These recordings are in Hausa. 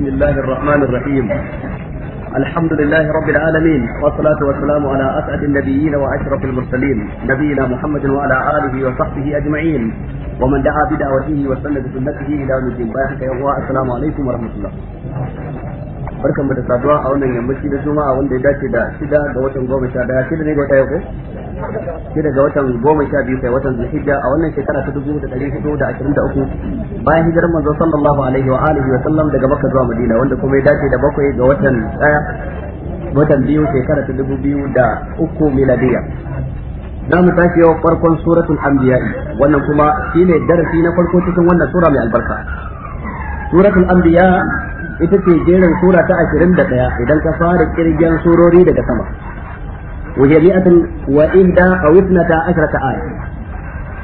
بسم الله الرحمن الرحيم الحمد لله رب العالمين والصلاة والسلام على أسعد النبيين وأشرف المرسلين نبينا محمد وعلى آله وصحبه أجمعين ومن دعا بدعوته وسن بسنته إلى يوم الدين السلام عليكم ورحمة الله barkan mu da saduwa a wannan yammaci da juma'a wanda ya dace da shida ga watan goma sha daya shida ne ga wata yau shi daga watan goma sha biyu kai watan zulhijja a wannan shekara ta dubu da ɗari hudu da ashirin da uku bayan hijirar manzo sallallahu alaihi wa alihi wa sallam daga makka zuwa madina wanda kuma ya dace da bakwai ga watan ɗaya watan biyu shekara ta dubu biyu da uku miladiya za mu tashi yau farkon suratul anbiya wannan kuma shine darasi na farko cikin wannan sura mai albarka suratul anbiya ita ce jerin sura ta ɗaya idan ka fara kirgen surori daga sama وهي مئة وإحدى أو اثنتا ta آية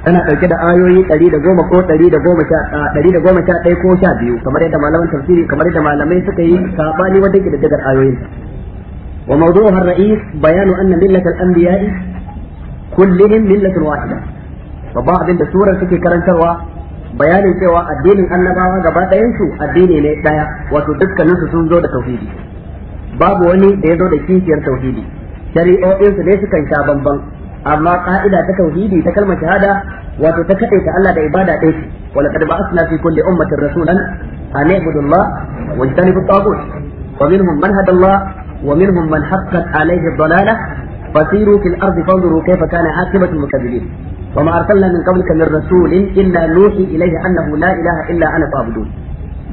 tana ɗauke da ayoyi ɗari da goma ko ɗari da goma sha ɗari da goma sha ɗaya ko sha biyu kamar yadda malaman tafsiri kamar yadda malamai suka yi saɓani wajen ƙididdigar ayoyin wa mawdu'uha ar-ra'is bayanu anna millatal anbiya'i kullihim millatun wahida babban abin da surar suke karantarwa bayanin cewa addinin annabawa gaba ɗayan su addini ne ɗaya wato dukkaninsu sun zo da tauhidi babu wani da ya zo da kishiyar tauhidi o'insu ne sukan sha bamban amma ka'ida ta tauhidi ta kalmar shahada wato ta kaɗai ta Allah da ibada ɗaya ce wala qad ba'athna fi kulli ummatin rasulan an ibudu Allah wa jtanibu at-taghut wa minhum man hada Allah wa minhum man haqqat alayhi ad fasiru fil ardi fanzuru kayfa kana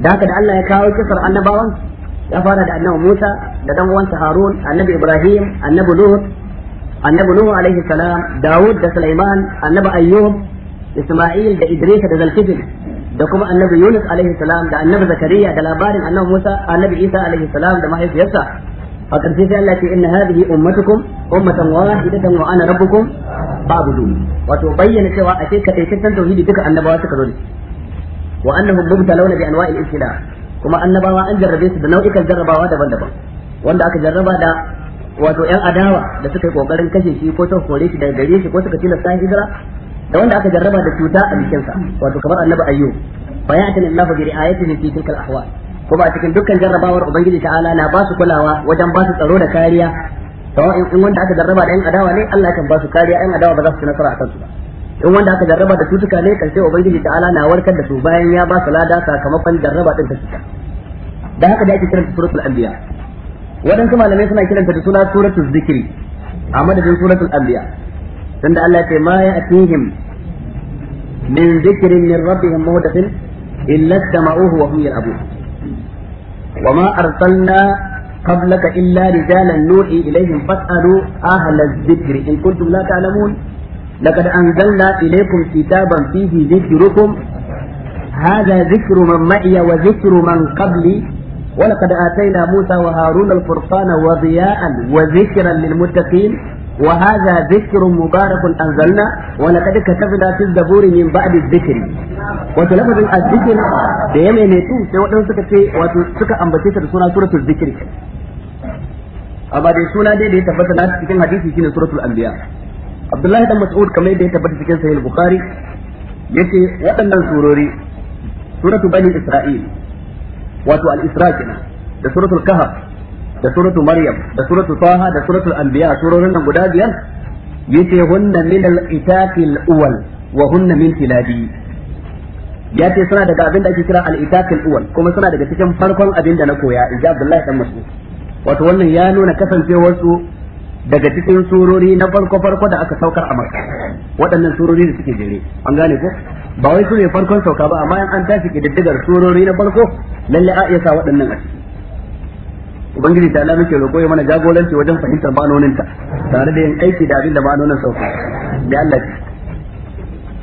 da Allah ya kawo kisar annabawan ya fara da annabi Musa da dan uwansa Harun annabi Ibrahim annabi Lut annabi Nuhu alaihi salam Dawud da Sulaiman annabi Ayyub Isma'il da Idris da Zulkifl da kuma annabi Yunus alaihi salam da annabi Zakariya da labarin annabi Musa annabi Isa alaihi salam da mahaifiyarsa a ƙarshe sai Allah ce inna hadhihi ummatukum ummatan wahidatan wa ana rabbukum fa'budun wato bayyana cewa a ce kadai tauhidi duka annabawa suka zo ne wa annahum mubtalawna bi anwa'il islam kuma annabawa an jarrabe su da nau'ikan jarrabawa daban-daban wanda aka jarraba da wato yan adawa da suka yi kokarin kashe shi ko ta kore shi daga gare shi ko suka tilasta hijira da wanda aka jarraba da cuta a sa wato kamar annabi ayyub bayatin Allah bi ri'ayatihi fi tilka al-ahwal kuma a cikin dukkan jarrabawar ubangiji ta'ala na ba su kulawa wajen ba su tsaro da kariya to in wanda aka jarraba da yan adawa ne Allah kan ba su kariya yan adawa ba za su ci nasara a kansu ba in wanda aka jarraba da cutuka ne karshe ubangiji ala na warkar da su bayan ya ba su lada sakamakon jarraba din ta da haka da ake kiranta suratul anbiya waɗansu malamai suna kiranta da suna suratul zikri a madadin suratul anbiya tunda Allah ya ce ma ya'tihim min zikrin min rabbihim muhdathin illa istama'uhu wa hum yal'abun وما أرسلنا قبلك إلا رجالا نوحي إليهم فاسألوا أهل الذكر إن كنتم لا تعلمون لقد أنزلنا إليكم كتابا فيه ذكركم هذا ذكر من معي وذكر من قبلي ولقد آتينا موسى وهارون الفرقان وضياء وذكرا للمتقين وهذا ذكر مبارك أنزلنا ولقد كتبنا في الزبور من بعد الذكر وتلفظ الذكر da ya maimaitu sai waɗansu suka ce wato suka ambace ta da suna suratul zikri amma dai suna dai da ya tabbata na cikin hadisi shine suratul anbiya Abdullahi dan Mas'ud kamar yadda ya tabbata cikin sahih Bukhari yace waɗannan surori suratu bani Isra'il wato al-Isra kenan da suratul Kahf da suratul Maryam da suratul Taha da suratul Anbiya surorin nan guda biyar yace hunna min al-itaqil awwal wa hunna min tiladi ya ce suna daga abin da ake kira al-itaqil awwal kuma suna daga cikin farkon abin da na koya in ji Abdullahi dan Mas'ud wato wannan ya nuna kasancewar su daga cikin surori na farko farko da aka saukar a makka waɗannan surori da suke jere an gane ko ba wai su ne farkon sauka ba amma an tashi kididdigar surori na farko lalle a iya sa waɗannan a ciki ubangiji ta Allah ke roƙo ya mana jagoranci wajen fahimtar ma'anoninta tare da yin aiki da abin da ma'anonin sauka da Allah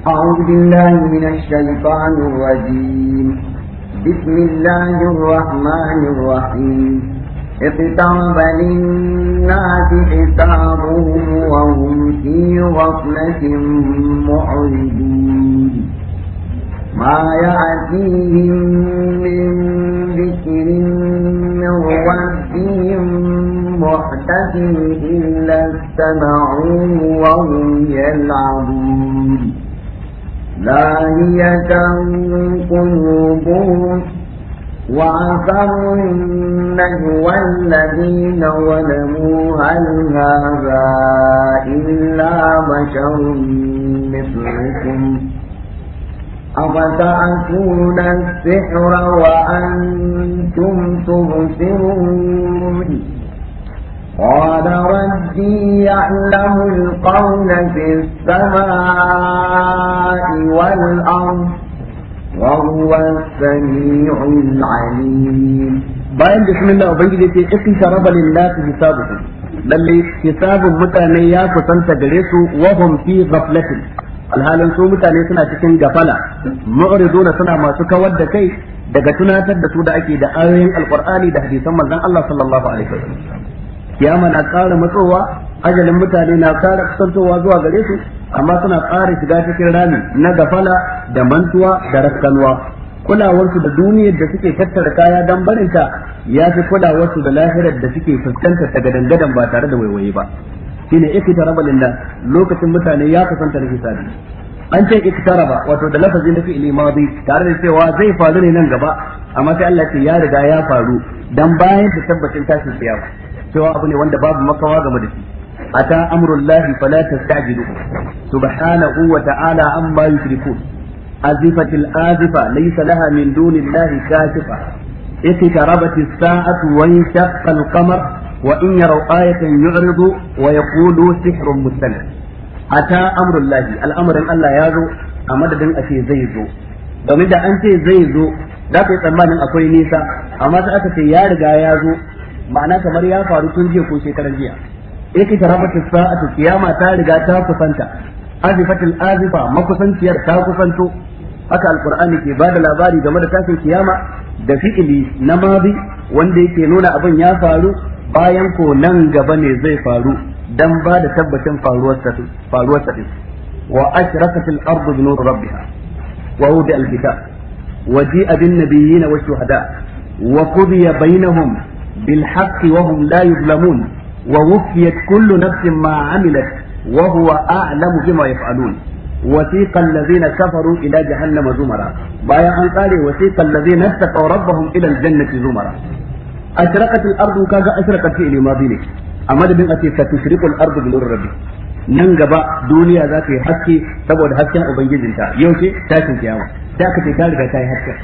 أعوذ بالله من الشيطان الرجيم بسم الله الرحمن الرحيم اقترب للناس حسابهم وهم في غفلة معرضون ما يأتيهم من ذكر من ربهم محدث إلا استمعوه وهم يلعبون لاهية قلوبهم وعفر النجوى الذين ظلموا هل هذا إلا بشر مثلكم أفتأتون السحر وأنتم تبصرون قال ربي يعلم القول في السماء والأرض وهو السميع العليم bayan bismillah ubangiji ce ikin sharaba lillahi hisabuhum lalle hisabun mutane ya kusanta gare su wa hum fi ghaflatin alhalin su mutane suna cikin gafala mu'riduna suna masu kawar da kai daga tunatar da su da ake da ayoyin alqur'ani da hadisan manzon Allah sallallahu alaihi wasallam kiyama na ƙara matsowa ajalin mutane na ƙara kusantowa zuwa gare su amma suna ƙara shiga cikin rami na gafala da mantuwa da rakkanwa kulawarsu da duniyar da suke tattara kaya don barinta ya fi kulawarsu da lahirar da suke fuskantar ta gadangadan ba tare da waiwaye ba shine ikitaraba nan lokacin mutane ya kusanta da hisabi an ce ikitaraba wato da lafazi na fi madi tare da cewa zai faru ne nan gaba amma sai Allah ce ya riga ya faru don bayan da tabbacin tashin siyawa cewa abu ne wanda babu makawa game da shi ata amrullahi fala tastajiluhu subhanahu wa ta'ala amma yushrikun azifat al-azifa laysa laha min dunillahi kashifa اقتربت الساعة وانشق القمر وإن يروا آية يعرضوا ويقولوا سحر مستمر أتى أمر الله الأمر أن الله يزو أمدد أشي زي زو domin da an ce zai zo za ka yi tsammanin akwai nisa amma sai aka ce ya riga ya zo ma'ana kamar ya faru tun jiya ko shekarar jiya iqtarabat as-sa'atu kiyama ta riga ta kusanta azifatul azifa makusanciyar ta kusanto haka alqur'ani ke bada labari game da tashin kiyama da fi'ili na madi wanda yake nuna abin ya faru bayan ko nan gaba ne zai faru dan ba da tabbacin faruwar sa wa ashraqatil ardu bi nur rabbiha wa wudi al wa ji'a bin nabiyyin wa shuhada wa qudiya bainahum bil haqqi wa hum la yuzlamun ووفيت كل نفس ما عملت وهو أعلم بما يفعلون وثيق الذين كفروا إلى جهنم زمرا بايا أن قال وثيق الذين اتقوا ربهم إلى الجنة زمرا أشرقت الأرض كذا أشرقت في الماضي لك أما بن أتي ستشرق الأرض بنور ربي nan gaba duniya za ta yi haske saboda hasken ubangijinta yau ce tashin kiyama da aka ce ta riga ta yi hasken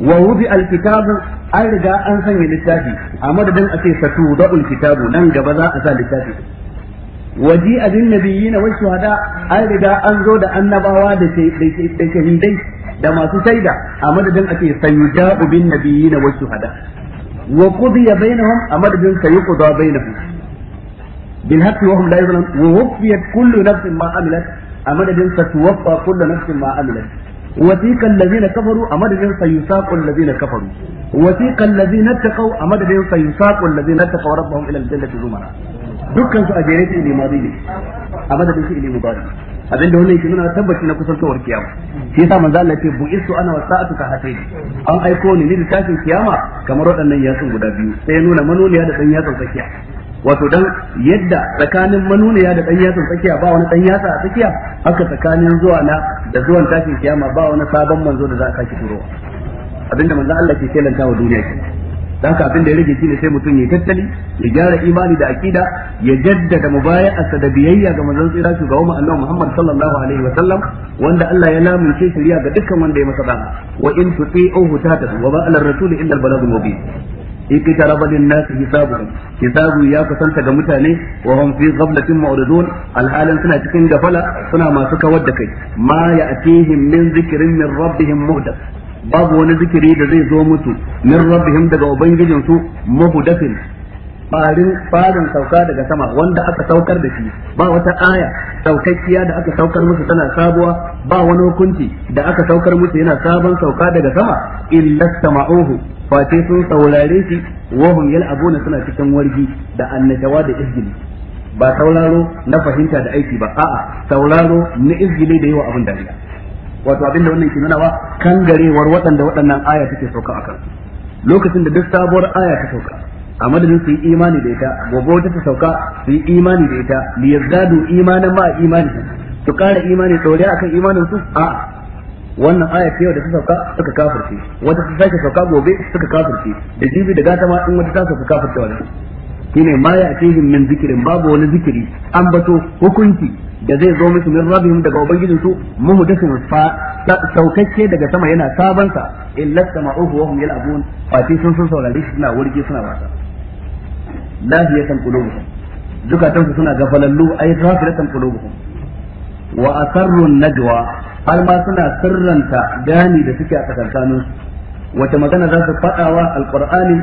wa wudi alkitabu an riga an sanya littafi a madadin a ce satu da alkitabu nan gaba za a sa littafi waji abin nabiyyi na wasu hada an riga an zo da annabawa da shahidai da masu shaida a madadin a ce sayuda bin nabiyyi na wasu hada wa ya qudiya bainahum a madadin sayuqda bainahum bil haqqi wa hum la yuzlamun wa wufiyat kullu nafsin ma amilat a madadin satwaffa kullu nafsin ma amilat وثيق الذين كفروا أمدهم سيساق الذين كفروا وثيق الذين اتقوا أمدهم سيساق الذين اتقوا ربهم إلى الجنة زمرا dukkan su a jere su ilimi ne a madadin su ilimi bari abinda wannan yake nuna tabbaci na kusantowar kiyama shi yasa manzo Allah ya ce bu isu ana wa sa'atu ka hatai an aiko ni ne da kiyama kamar waɗannan yatsun guda biyu sai ya nuna manoniya da dan yatsun tsakiya wato dan yadda tsakanin manuniya da dan tsakiya ba wani dan yatsa a tsakiya haka tsakanin zuwa na da zuwan tashin kiyama ba wani sabon manzo da za a saki turo. abinda manzo Allah ke kelanta wa duniya ke dan ka abin da ya rage shine sai mutum ya tattali ya gyara imani da akida ya jaddada mubaya'a da biyayya ga manzon tsira shugaban mu Allah Muhammad sallallahu alaihi wa sallam wanda Allah ya lamunce shari'a ga dukkan wanda ya masa da'a wa in tuti'uhu tatadu wa ba ala illa al-balagul mubin iqtaraba lin-nas hisabuhum hisabu ya kusanta ga mutane wa hum fi ghaflatin mu'ridun alhalan suna cikin gafala suna masu kawar da kai ma ya'tihim min zikrin min rabbihim muhdath babu wani zikiri da zai zo musu min rabbihim daga ubangijinsu muhdathin farin farin sauka daga sama wanda aka saukar da shi ba wata aya saukakkiya da aka saukar musu tana sabuwa ba wani hukunci da aka saukar musu yana sabon sauka daga sama illa sama'uhu face sun saurare shi wa hum yal'abuna suna cikin wargi da annajawa da izgili ba sauraro na fahimta da aiki ba a'a sauraro na izgili da yawa abin dariya wato abin da wannan ke nuna wa kangarewar waɗanda waɗannan aya take sauka akan lokacin da duk sabuwar aya ta sauka a madadin su yi imani da ita gobe wata ta sauka su yi imani da ita li yazdadu imanan ma imani su kara imani dore akan imanin su a wannan aya ce da ta sauka suka kafirce wata ta sake sauka gobe suka kafirce da jibi da gata ma in wata ta sauka kafirce wannan shine ma ya atihim min zikirin babu wani zikiri an bato hukunci da zai zo musu min rabbihim daga ubangijin su muhdathin fa saukakke daga sama yana sabansa illa sama'uhu wa hum yal'abun fa sun sun saurare shi suna wurge suna wasa lahiyatan qulubuhum zukatan su suna gafalallu ay ghafilatan qulubuhum wa asarru najwa har ma suna sirranta gani da suke a tsakankanin wata magana za su faɗawa alqur'ani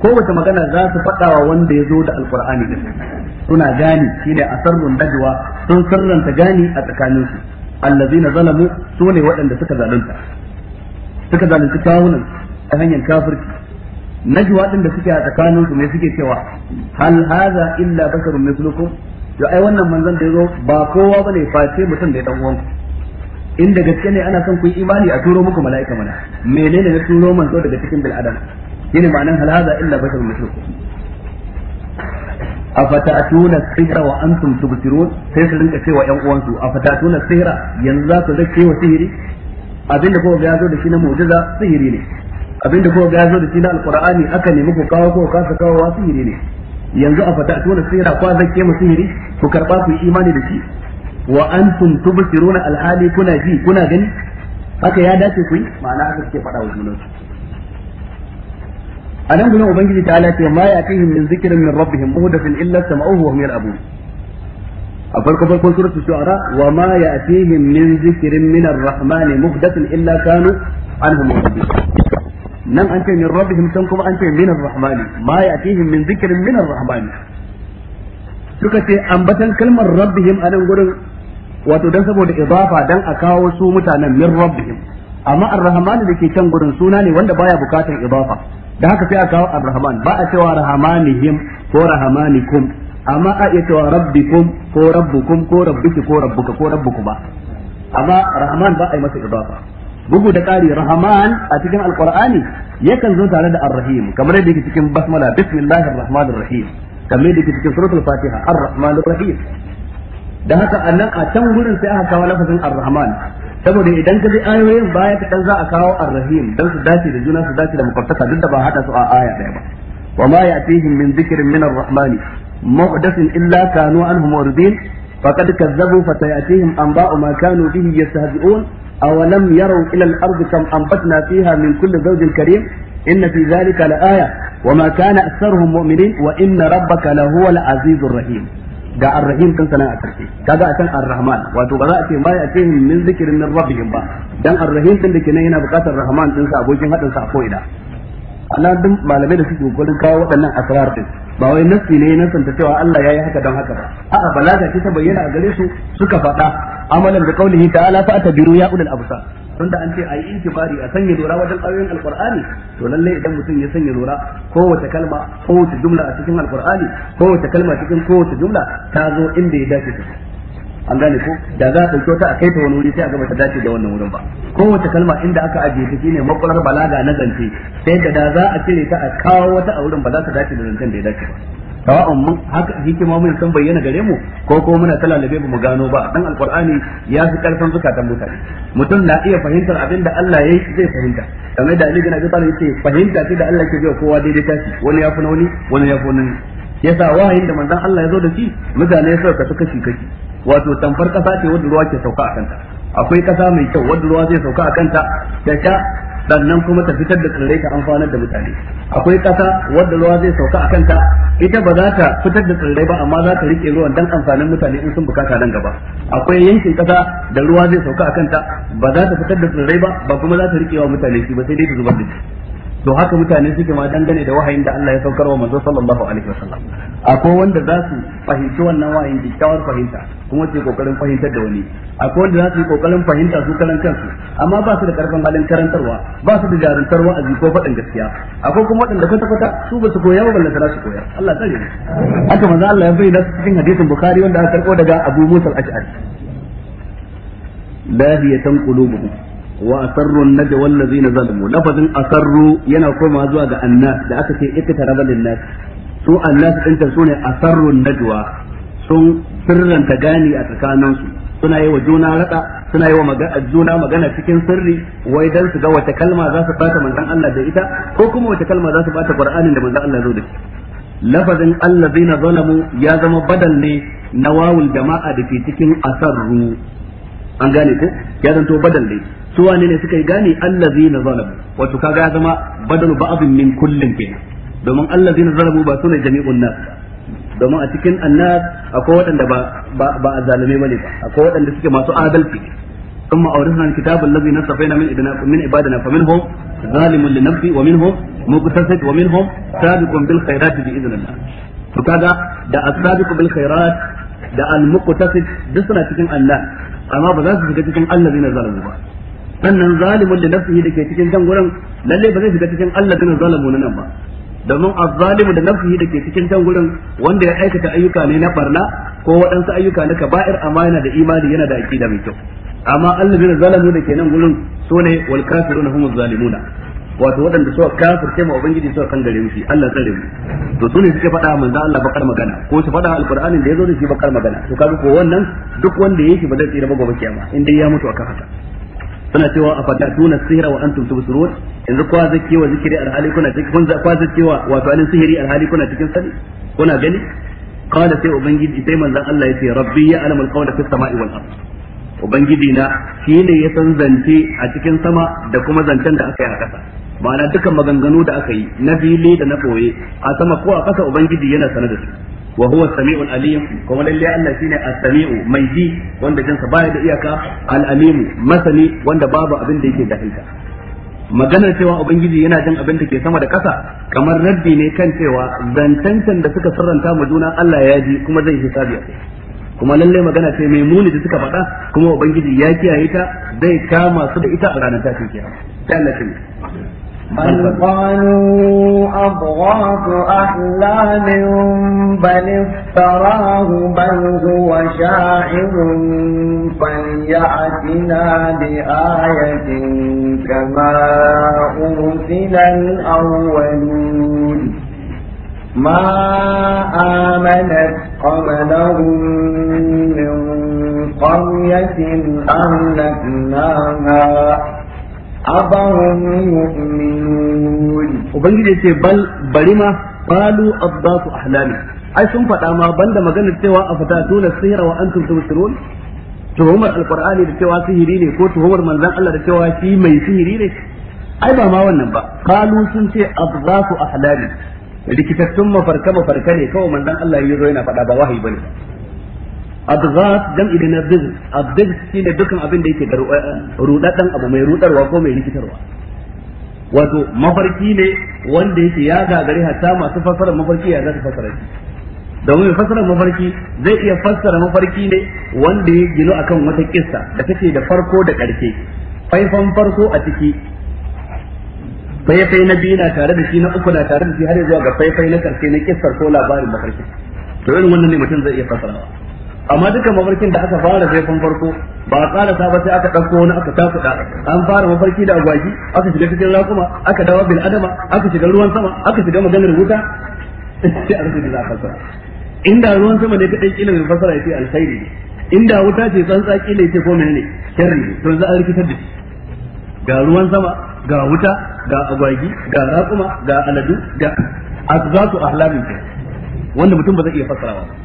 ko wace magana za su faɗawa wanda ya zo da alqur'ani din suna gani shine asarru najwa sun sirranta gani a tsakanin su allazina zalamu sune waɗanda suka zalunta suka zalunci kawunan ta hanyar kafirci najwa din da suke a tsakanin su me suke cewa hal hadha illa basharun mithlukum to ai wannan manzon da yazo ba kowa bane face mutum da ya dan uwanku in da gaske ne ana son ku imani a turo muku mala'ika mana menene ne turo manzo daga cikin bil adam shine ma'anan hal hadha illa basharun mithlukum afatatuna sihra wa antum tubsirun sai su rinka cewa yan uwansu afatatuna sihra yanzu za ku zake wa sihiri abinda kowa ya zo da shi na mu'jiza sihiri ne abinda kuka ga zo da shi na alqur'ani aka nemi ku kawo ko kasa kawo wa sihiri ne yanzu a fata tona sihira kwa zakke mu sihiri ku karba ku imani da shi wa antum tubsiruna alhali kuna ji kuna gani haka ya dace ku yi ma'ana haka ke faɗa wa junansu a nan gudun ubangiji ta ala ce ma ya kai min zikirin min rabbihim muhdathin illa sama'uhu wa hum yal'abun a farko farkon suratul shu'ara wa ma ya ya'tihim min zikirin min ar-rahmani muhdathin illa kanu anhum muhdathin nan an ce min rabbihim san kuma an ce min ar-rahmani ma ya'tihim min dhikrin min ar-rahmani suka ce ambatan kalmar rabbihim a nan gurin wato dan saboda idafa dan a kawo su mutanen min rabbihim amma ar rahmani da ke can gurin suna ne wanda baya bukatar idafa da haka sai a kawo ar-rahman ba a cewa rahmanihim ko rahmanikum amma a iya cewa rabbikum ko rabbukum ko rabbiki ko rabbuka ko ba amma rahman ba a yi masa idafa bugu da ƙari rahman a cikin alqur'ani yakan zo tare da arrahim kamar yadda yake cikin basmala bismillahir rahmanir rahim kamar yadda yake cikin suratul fatiha arrahmanir rahim dan haka annan a can gurin sai aka kawo lafazin arrahman saboda idan ka ji ayoyin baya dan za a kawo arrahim dan su dace da juna su dace da makwabtaka duk da ba haɗa su a aya daya ba min يأتيهم min ذكر من الرحمن محدث إلا كانوا عنه معرضين فقد كذبوا فسيأتيهم anba'u ma kanu bihi yastahzi'un أولم يروا إلى الأرض كم أنبتنا فيها من كل زوج كريم إن في ذلك لآية وما كان أكثرهم مؤمنين وإن ربك لهو العزيز الرحيم ga arrahim kan sana a karshe kaga a kan arrahman wato ba za a ce ma ya ce min zikirin min rabbihim ba dan arrahim din da kenan yana bukatar rahman ɗinsa abokin hadin sa a ko'ina ana duk malamai da suke gurin kawo waɗannan asrar din ba wai nassi ne na santa cewa Allah ya yayi haka don haka ba a'a balaga ce ta bayyana a gare su suka faɗa amalan da kaulihi ta'ala fa atabiru ya ulul absar da an ce ayi intibari a sanya lura wajen ayoyin alqur'ani to lalle idan mutum ya sanya lura kowace kalma kowace jumla a cikin alqur'ani kowace kalma cikin kowace jumla ta zo inda ya dace ta an gane ko da za a ɗauki wata a kai ta wani wuri sai a gama ta dace da wannan wurin ba kowace kalma inda aka ajiye ta shine makwalar balaga na zance sai da za a cire ta a kawo wata a wurin ba za ta dace da zancen da ya dace ba tawa'un mun haka hikima mun san bayyana gare mu ko ko muna ta lalabe ba mu gano ba dan alqur'ani ya fi karfin zukatan mutane mutum na iya fahimtar abin da Allah ya yi zai fahimta kamar da Ali bin Abi Talib yace fahimta ce da Allah ke bai kowa daidai tashi wani ya fi na wani wani ya fi wani yasa wahayin da manzon Allah ya zo da shi mutane suka kasu kashi kashi wato tamfar kasa ce wanda ruwa ke sauka a kanta akwai kasa mai kyau wanda ruwa zai sauka a kanta ta sannan kuma ta fitar da tsirrai ta amfanar da mutane akwai kasa wanda ruwa zai sauka a kanta ita ba za ta fitar da tsirrai ba amma za ta rike ruwan dan amfanin mutane in sun bukata nan gaba akwai yankin kasa da ruwa zai sauka a kanta ba za ta fitar da tsirrai ba ba kuma za ta rike wa mutane shi ba sai dai ta zubar da shi to haka mutane suke ma dangane da wahayin da Allah ya saukar wa manzo sallallahu alaihi wasallam akwai wanda za su fahimci wannan wahayin kyakkyawar fahimta kuma su kokarin fahimtar da wani akwai wanda za su yi kokarin fahimta su karan kansu amma ba su da karfin halin karantarwa ba su da jarumtarwa wa'azi ko faɗin gaskiya akwai kuma waɗanda kwata kwata su ba su koya ba balle za su koya Allah tsare mu haka manzo Allah ya bayyana cikin hadisin Bukhari wanda aka karɓo daga Abu Musa al-Ash'ari lahiyatan qulubuhum wa asarru najwa allazina zalmu lafazin asarru yana koma zuwa ga annas da aka ce iktaraba lin nas su annas din ta sune asarru najwa sun sirranta gani a tsakaninsu suna yi wa juna rada suna yi wa juna magana cikin sirri wai dan su ga wata kalma za su bata manzon Allah da ita ko kuma wata kalma za su bata Qur'anin da manzon Allah zo da shi lafazin allazina zalamu ya zama badal ne na wawul jama'a da ke cikin asarru an gane ko ya zanto badal ne su wane ne suka yi gane allazina zalamu wato kaga ya zama badalu ba'dhin min kullin ke domin allazina zalamu ba ne jami'un nas domin a cikin annas akwai waɗanda ba ba a zalume ne ba akwai waɗanda suke masu adalci ثم أورثنا الكتاب الذي نصفينا من إبنا من عبادنا فمنهم ظالم لنفسه ومنهم مقتصد ومنهم سابق بالخيرات بإذن الله فكذا دا السابق بالخيرات da al-muqtasid duk suna cikin Allah amma ba za su shiga cikin allazina zalamu ba sannan zalimun da nafsihi da ke cikin can gurin lalle ba zai shiga cikin Allah allazina zalamu nan ba domin azzalimu da nafsihi da ke cikin can gurin wanda ya aikata ayyuka ne na barna ko waɗansu ayyuka na kaba'ir amma yana da imani yana da aqida mai kyau amma allazina zalamu da ke nan gurin sune wal kafiruna humu zalimuna wato waɗanda suka kafirce ma ubangiji suka kan gare shi Allah tsare mu to sune suke faɗa manzo Allah bakar magana ko su faɗa alqur'anin da yazo da shi bakar magana to kaga ko wannan duk wanda yake ba zai tsira ba gobe kiyama in ya mutu akan haka suna cewa a tuna sihra wa antum tubsirun yanzu kwa zake wa zikiri alhali kuna cikin kun kwa zake wa wato alin sihiri alhali kuna cikin sani kuna gani qala sai ubangiji sai manzo Allah yace rabbi ya'lamu alqawla fis sama'i wal ardh ubangiji na shine ya san zance a cikin sama da kuma zancen da aka yi a kasa ma'ana dukkan maganganu da aka yi na fili da na koye a sama ko a ƙasa ubangiji yana sanar da su wa huwa samiul alim kuma lalle Allah shine as-sami'u mai ji wanda jinsa baya da iyaka al-alim masani wanda babu abin da yake da dahinta maganar cewa ubangiji yana jin abin da ke sama da ƙasa kamar raddi ne kan cewa zancancan da suka sirranta mu juna Allah ya ji kuma zai hisabi a kuma lallai magana ce mai muni da suka faɗa kuma ubangiji ya kiyaye ta zai kama su da ita a ranar tashin kiyama بل قالوا أضغاث أحلام بل افتراه بل هو شاعر فليأتنا بآية كما أرسل الأولون ما آمنت قبلهم من قرية أهلكناها أفهم يؤمنون وبنجد يتي بل بلما قالوا أضغاث أحلامي أي سن فتا ما بند مغنى تيوا أفتاتون السهر وأنتم تبصرون tuhumar alkur'ani da cewa sihiri ne ko tuhumar manzon Allah da cewa shi mai sihiri ne ai ba ma wannan ba kalu sun ce adghafu ahlali rikitattun mafarka mafarka ne kawai manzon Allah ya zo yana faɗa ba wahayi bane adghat jam'i da nabdh shi shine dukan abin da yake da eh, rudadan abu mai rudarwa ko mai rikitarwa wato mafarki ne wanda yake ya gagare hatta masu fassara mafarki ya za su fassara shi domin fassara mafarki zai iya fassara mafarki ne wanda ya gino akan wata kissa da take da farko da ƙarshe faifan farko a ciki faifai na biyu na tare da shi na uku na tare da shi har zuwa ga faifai na karshe na kissar ko labarin mafarki to irin wannan ne mutum zai iya fassarawa amma dukkan mafarkin da aka fara kun farko ba a tsara sa ba sai aka ɗauko wani aka takuɗa an fara mafarki da agwagi aka shiga cikin raƙuma aka dawo bil adama aka shiga ruwan sama aka shiga maganar wuta sai a rufe da za a fassara inda ruwan sama ne kaɗai kila mai fasara ya ce alkhairi ne inda wuta ce tsantsa ƙila ya ce ko menene kyarri ne to za a rikitar da shi ga ruwan sama ga wuta ga agwagi ga raƙuma ga aladu ga azzatu ahlamin wanda mutum ba zai iya fasarawa ba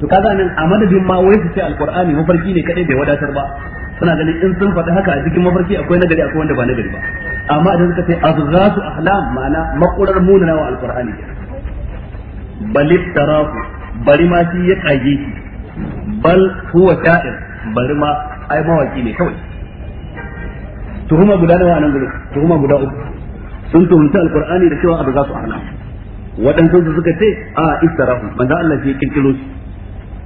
to kaga nan a madadin ma wai su ce alqur'ani mafarki ne kadai bai wadatar ba suna ganin in sun faɗi haka a cikin mafarki akwai nagari akwai wanda ba nagari ba amma idan suka ce abghasu ahlam ma'ana makurar munana wa alqur'ani bal tarafu bari ma shi ya kage shi bal huwa sha'ir bari ma ai mawaki ne kawai tuhuma guda nawa nan gurin tuhuma guda uku sun tuhumta alqur'ani da cewa abghasu ahlam waɗansu suka ce a istarahu manzo Allah shi ya kirkiro shi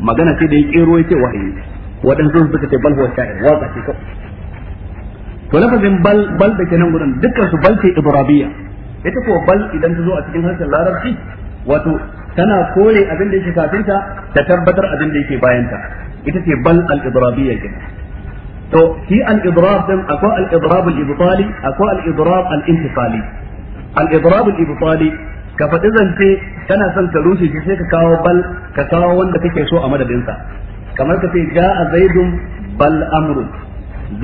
magana ce da ya kero yake wahayi waɗansu suka ce bal huwa sha'ir waka ce kawai to lafazin bal bal da kenan gurin dukkan su bal ce ibrabiyya ita ko bal idan ta zo a cikin harshen larabci wato tana kore abin da yake kafin ta ta tabbatar abin da yake bayan ta ita ce bal al idrabiyya kenan to shi al idrab din akwai al idrab al ibtali akwai al idrab al intifali al idrab al ibtali ka faɗi zance kana son ka rushe shi sai ka kawo bal ka kawo wanda kake so a madadinsa kamar ka ce ga a zaidun bal amru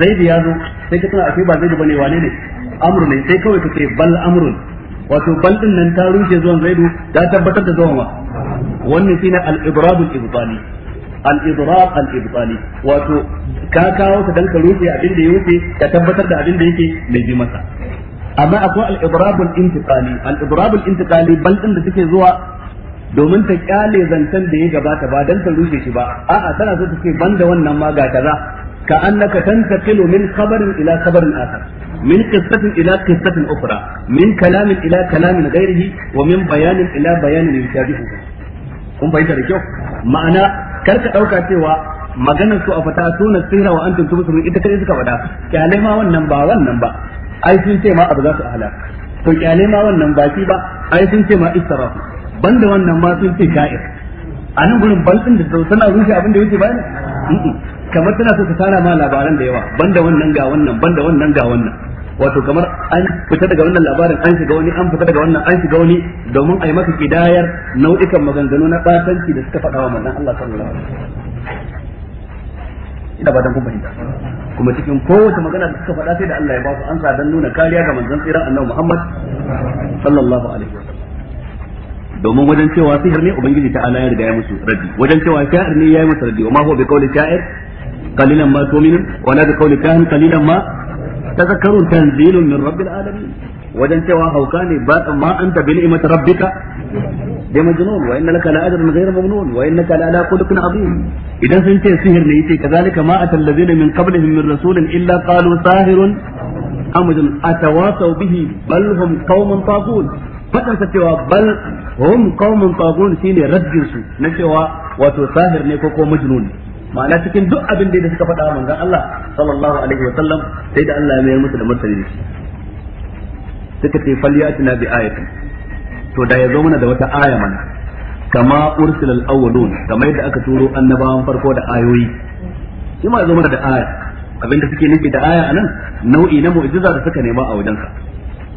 zaidu ya zo sai ka tana ashe ba zaidu bane wane ne amru ne sai kawai ka ce bal amru wato bal din nan ta rushe zuwan zaidu ta tabbatar da zuwan wannan shine al-ibrabul ibtani al-idrab al-ibtani wato ka kawo ka dan ka rushe abin da ya wuce ka tabbatar da abin da yake mai bi masa amma akwai al-idrabul intiqali al-idrabul intiqali bal din da take zuwa domin ta kyale zantan da ya gabata ba dan ta rushe shi ba a'a tana so ta ce banda wannan ma ga kaza ka annaka tantaqilu min khabarin ila khabarin akhar من قصة إلى قصة أخرى من كلام إلى كلام غيره ومن بيان إلى بيان يشابهه kun fahimta da kyau ma'ana kar ka ɗauka cewa maganar su a fata suna sihira wa antum tubsirun ita kai suka faɗa kyale ma wannan ba wannan ba ai sun ce ma abu za su halaka to kyale ma wannan baki ba ai sun ce ma israfu banda wannan ma sun ce sha'ir a nan gurin balɗin da tana rushe abin da yake ba ne kamar tana so ta tara ma labaran da yawa banda wannan ga wannan banda wannan ga wannan wato kamar an fita daga wannan labarin an shiga wani an fita daga wannan an shiga wani domin a yi maka kidayar nau'ikan maganganu na batanci da suka faɗa wa manzon Allah sallallahu alaihi wasallam ina ba dan kun fahimta kuma cikin kowace magana da suka faɗa sai da Allah ya ba su ansa dan nuna kariya ga manzon tsiran annabi Muhammad sallallahu alaihi domin wajen cewa sihir ne ubangiji ta ala ya riga ya musu raddi wajen cewa sha'ir ne ya yi musu raddi wa ma huwa bi qawli sha'ir qalilan ma tu'minun wa la bi qawli kahin qalilan ma tazakkarun tanzilun min rabbil alamin wajen cewa hauka ne ba ma anta bi ni'mati rabbika بمجنون وإنك لا أجر غير ممنون وإنك لا idan sun ce sihir ne سهر نيتي كذلك ما أتى الذين من قبلهم من رسول إلا قالوا ساهر أو مجنون أتواصوا به بل هم قوم طاغون faɗansa cewa bal hum qaumun tagun shine raddin su na cewa wato sahir ne ko ko majnun ma'ana cikin duk abin da suka faɗa manzon Allah sallallahu alaihi wa sallam sai da Allah ya mayar musu da martani suka ce falyatina bi ayatin to da ya zo mana da wata aya mana kama ursil al-awwalun kamar yadda aka turo annabawan farko da ayoyi shi ma zo mana da aya Abin da suke nufi da aya anan nau'i na mu'jiza da suka nema a wajensa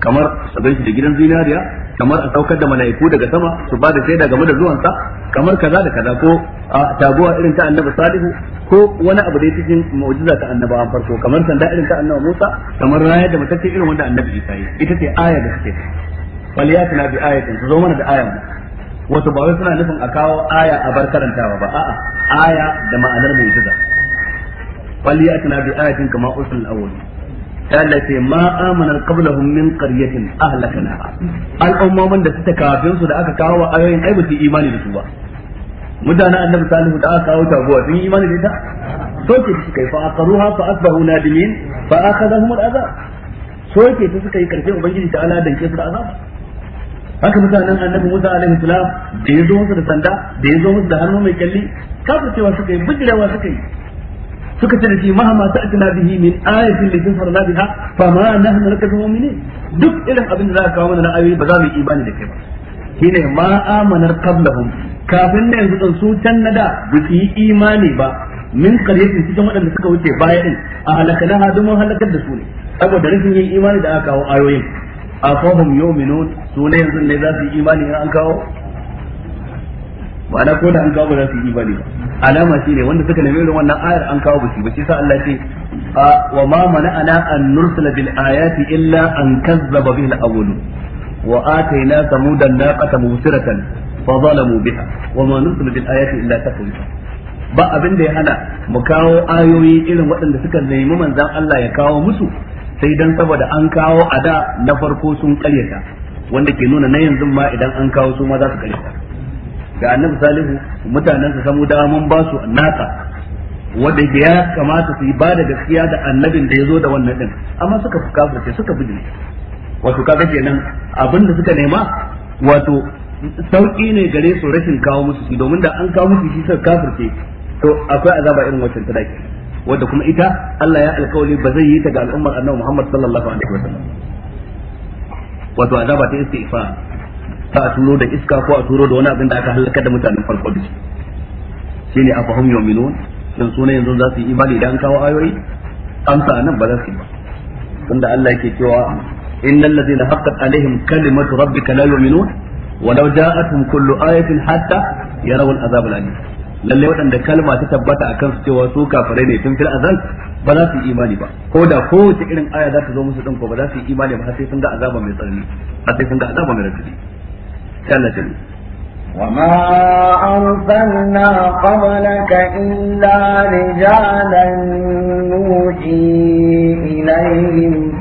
kamar su ganshi da gidan zinariya kamar a saukar da mala'iku daga sama su ba da shaida game da zuwansa kamar kaza da kaza ko a taguwa irin ta annabi salihu ko wani abu da cikin mu'jiza ta annabawan farko kamar sanda irin ta annabi Musa kamar rayar da mutacce irin wanda annabi Isa yi ita ce aya da suke falyatina bi ayatin su zo mana da ayan wato ba wai suna nufin a kawo aya a bar karantawa ba a'a aya da ma'anar mai jiza falyatina bi ayatin kama usul awwal Allah ce ma amana qablahum min qaryatin ahlakana al'ummomin da suka kafin su da aka kawo wa ayoyin ai ba su imani da su ba mutanen annabi salihu da aka kawo ta taguwa sun yi imani da ita soke ta suka yi fa aqaruha fa asbahu nadimin fa akhadahum al'azab soke ta suka yi karfe ubangiji ta ala danke su da azaba haka mutanen annabi Musa alaihi salam da ya zo musu da sanda da ya zo musu da hannu mai kalli kafin cewa suka yi bijirewa suka yi suka ce da shi mahama ta ajina bihi min ayatin sun farla biha fa ma nahnu laka mu'minin duk irin abin da za ka kawo mana na ayoyi ba za mu yi imani da kai ba shine ma amanar qablahum kafin da yanzu su can na da ba su yi imani ba min qaryatin cikin waɗanda suka wuce baya din a halakana hadu mun halakar da su ne saboda rashin yin imani da aka kawo ayoyin afahum yu'minun su ne yanzu ne za su yi imani in an kawo ma'ana ko da an kawo ba za su yi imani alama shine wanda suka nemi irin wannan ayar an kawo ba shi ba shi sa Allah ce wa ma mana'ana an nursala bil ayati illa an kazzaba bihi al-awwalun wa atayna samuda an-naqata mubsiratan fa zalamu biha wa ma nursala bil ayati illa takwif ba abin da ya hana mu kawo ayoyi irin waɗanda suka nemi manzan Allah ya kawo musu sai dan saboda an kawo a da na farko sun karyata wanda ke nuna na yanzu ma idan an kawo su ma za su karyata ga annabi salihu mutanen su samu da mun ba su annaka wanda ya kamata su yi ba da gaskiya da annabin da ya zo da wannan din amma suka kafirce suka bijine wato kaga kenan da suka nema wato sauki ne gare su rashin kawo musu shi domin da an kawo musu shi suka kafirce to akwai azaba irin wancan ta kenan wadda kuma ita Allah ya alkawali ba zai yi ta ga al'ummar annabi Muhammad sallallahu alaihi wa sallam. wato azaba ta istifa ta a turo da iska ko a turo da wani abin da aka halaka da mutanen farko da shi ne afa hum yu'minun dan sune yanzu za su yi imani idan kawo ayoyi amsa nan ba za su yi ba tunda Allah yake cewa innal ladzina haqqat alaihim kalimatu rabbika la yu'minun ولو جاءتهم كل آية حتى يروا العذاب الأليم Lallai waɗanda kalma ta tabbata akan su cewa su kafirai ne tun fil azal ba za su yi imani ba ko da kowace irin aya za ta zo musu din ko ba za su yi imani ba har sai sun ga azaba mai tsarni har sai sun ga azaba mai radadi sallatin وما أرسلنا قبلك إلا رجالا نوحي إليهم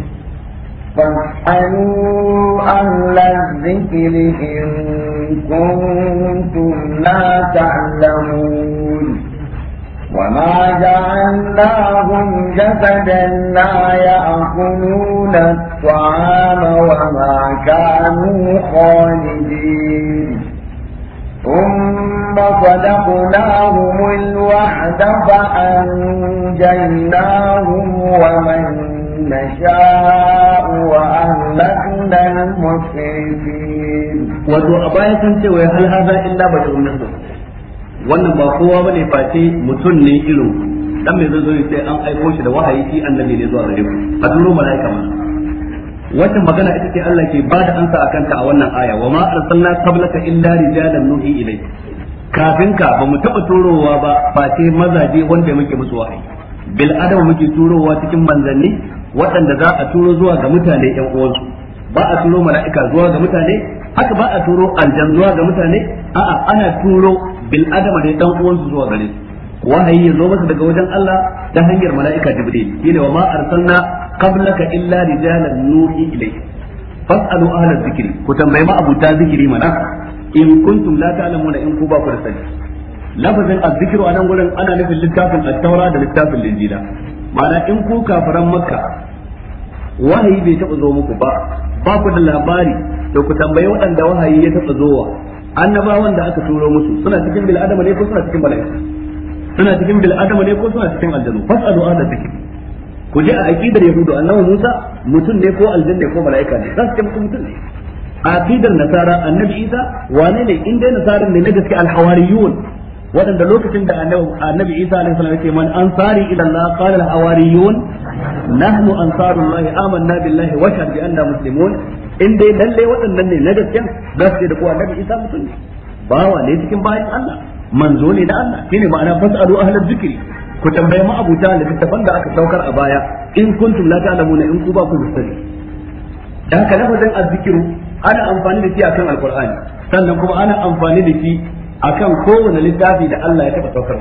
فاسألوا أهل الذكر إن كنتم لا تعلمون وما جعلناهم جسدا لا يأكلون الطعام وما كانوا خالدين ثم صدقناهم الوعد فأنجيناهم ومن نشاء وأهلكنا إلا المسرفين وذو أبايا سنتي وهل هذا إلا بشر مثله wannan ba kowa bane face mutum ne irin dan mai zai sai an aiko shi da wahayi shi annabi ne zuwa gare ku a duro malaika ma wata magana ita ce Allah ke bada ansa akan ta a wannan aya wa ma arsalna qablaka illa rijalan nuhi ilai? kafin ka ba mu taba turowa ba face mazaje wanda muke musu wahayi bil adam muke turowa cikin manzanni waɗanda za a turo zuwa ga mutane ƴan uwansu ba a turo mala'ika zuwa ga mutane haka ba a turo aljan zuwa ga mutane a'a ana turo bil adama da dan uwansu zuwa gare wahayi ya zo masa daga wajen Allah ta hanyar mala'ika jibril yana wa ma arsalna qablaka illa rijalan nuhi ilayhi fas'alu ahla dhikri ku tambaye ma abuta zikiri mana in kuntum la ta'lamuna in ku ba ku da sani lafazin azzikiru a nan gurin ana nufin littafin at-taura da littafin linjila ma'ana in ku kafiran makka wahayi bai taɓa zo muku ba ba ku da labari da ku tambayi waɗanda wahayi ya taɓa zowa annabawan da aka turo musu suna cikin bil adama ne ko suna cikin mala'iku suna cikin bil adama ne ko suna cikin aljanu fasalu ahla zikr ku je a aqidar yahudu annabi Musa mutum ne ko aljanna ko mala'ika ne zan ce mutum ne aqidar nasara annabi Isa wane ne in dai nasaran ne na gaske alhawariyun waɗanda lokacin da annabi Isa alaihi salam yake man ansari ila Allah qala alhawariyun nahnu ansarullahi amanna billahi wa shahidu anna muslimun in dai lalle waɗannan ne na gaskiya za su da kowa nabi isa mutum ne bawa ne cikin bayan Allah manzo ne na Allah shine ma'ana fasalu ahlal zikri ku tambaye ma abuta littattafan da aka saukar a baya in kuntum la ta'lamuna in ku ba ku sani dan haka lafazin azzikiru ana amfani da shi akan alqur'ani sannan kuma ana amfani da shi akan kowane littafi da Allah ya taba saukar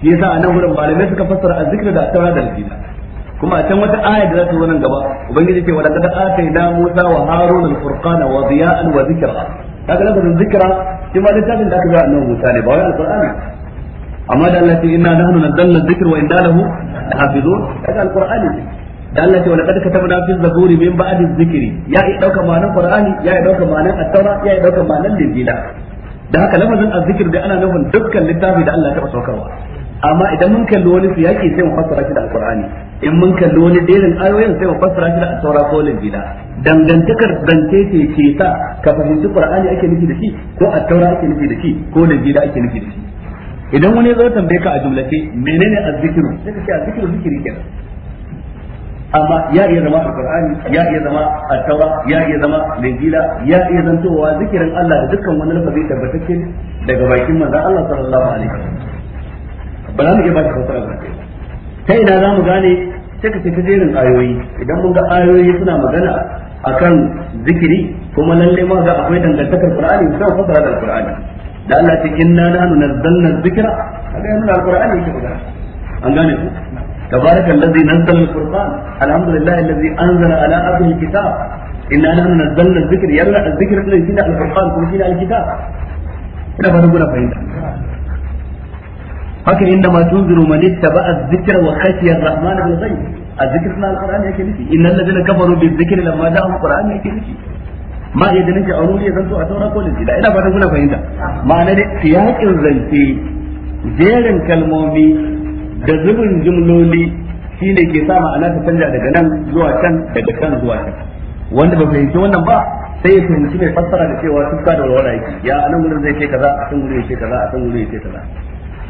shi yasa a nan gurin malamai suka fassara azzikra da at da kuma a can wata aya da za ta zo nan gaba ubangiji ce wala kada atayna musa wa harun al-furqana wa diya'an wa zikra kaga lafazin zikra shi ma littafin da aka ga annabi musa ne ba wai al-qur'ani amma da Allah ce inna nahnu nazzalna dhikra wa inna lahu lahafizun kaga al-qur'ani da Allah ce wala kada katabna fi zaburi min ba'di dhikri ya yi dauka ma'anar qur'ani ya yi dauka ma'anar at-taura ya yi dauka ma'anar linjila da haka lafazin azzikir da ana nufin dukkan littafi da Allah ya taba saukarwa amma idan mun kalli wani siyaki sai mu fassara shi da alqur'ani in mun kalli wani dalilin ayoyin sai mu fassara shi da saura ko linjila dangantakar zance ce ce sa ka fahimci qur'ani ake nufi da shi ko at-taura ake nufi da shi ko linjila ake nufi da shi idan wani zo tambaye ka a jumlace menene azzikiru sai ka ce azzikiru zikiri kenan amma ya iya zama alqur'ani ya iya zama at-taura ya iya zama linjila ya iya zantowa zikirin Allah da dukkan wani lafazi tabbatacce daga bakin manzon Allah sallallahu alaihi wasallam ba za mu iya ba shi ba kai ta ina za mu gane sai ka tafi jerin ayoyi idan mun ga ayoyi suna magana akan zikiri kuma lalle ma ga akwai dangantakar qur'ani sai fassara da qur'ani da Allah ce inna nahnu nazzalna dhikra kaga yana alqur'ani yake magana an gane ku تبارك الذي نزل القرآن الحمد لله الذي أنزل على عبده الكتاب إنا نحن نزلنا الذكر يلا الذكر الذي فينا القرآن وفينا الكتاب ina fatan kuna haka inda ma tunziru man ittaba'a dhikra wa khashiya ar-rahman bil ghaib azzikr na al-qur'an yake nufi innal ladina kafaru bi dhikri lamma da'a al-qur'an yake nufi ma yadda nake a ruhi zan so a taura ko da ina fatan kuna fahimta ma'ana dai tiyakin zance jerin kalmomi da zubin jumloli shine ke sa ma'ana ta canja daga nan zuwa can daga can zuwa can wanda ba fahimci wannan ba sai ya fahimci mai fassara da cewa tuka da walwala yake ya anan gurin zai ce kaza a kan gurin ya ce kaza a kan gurin ya ce kaza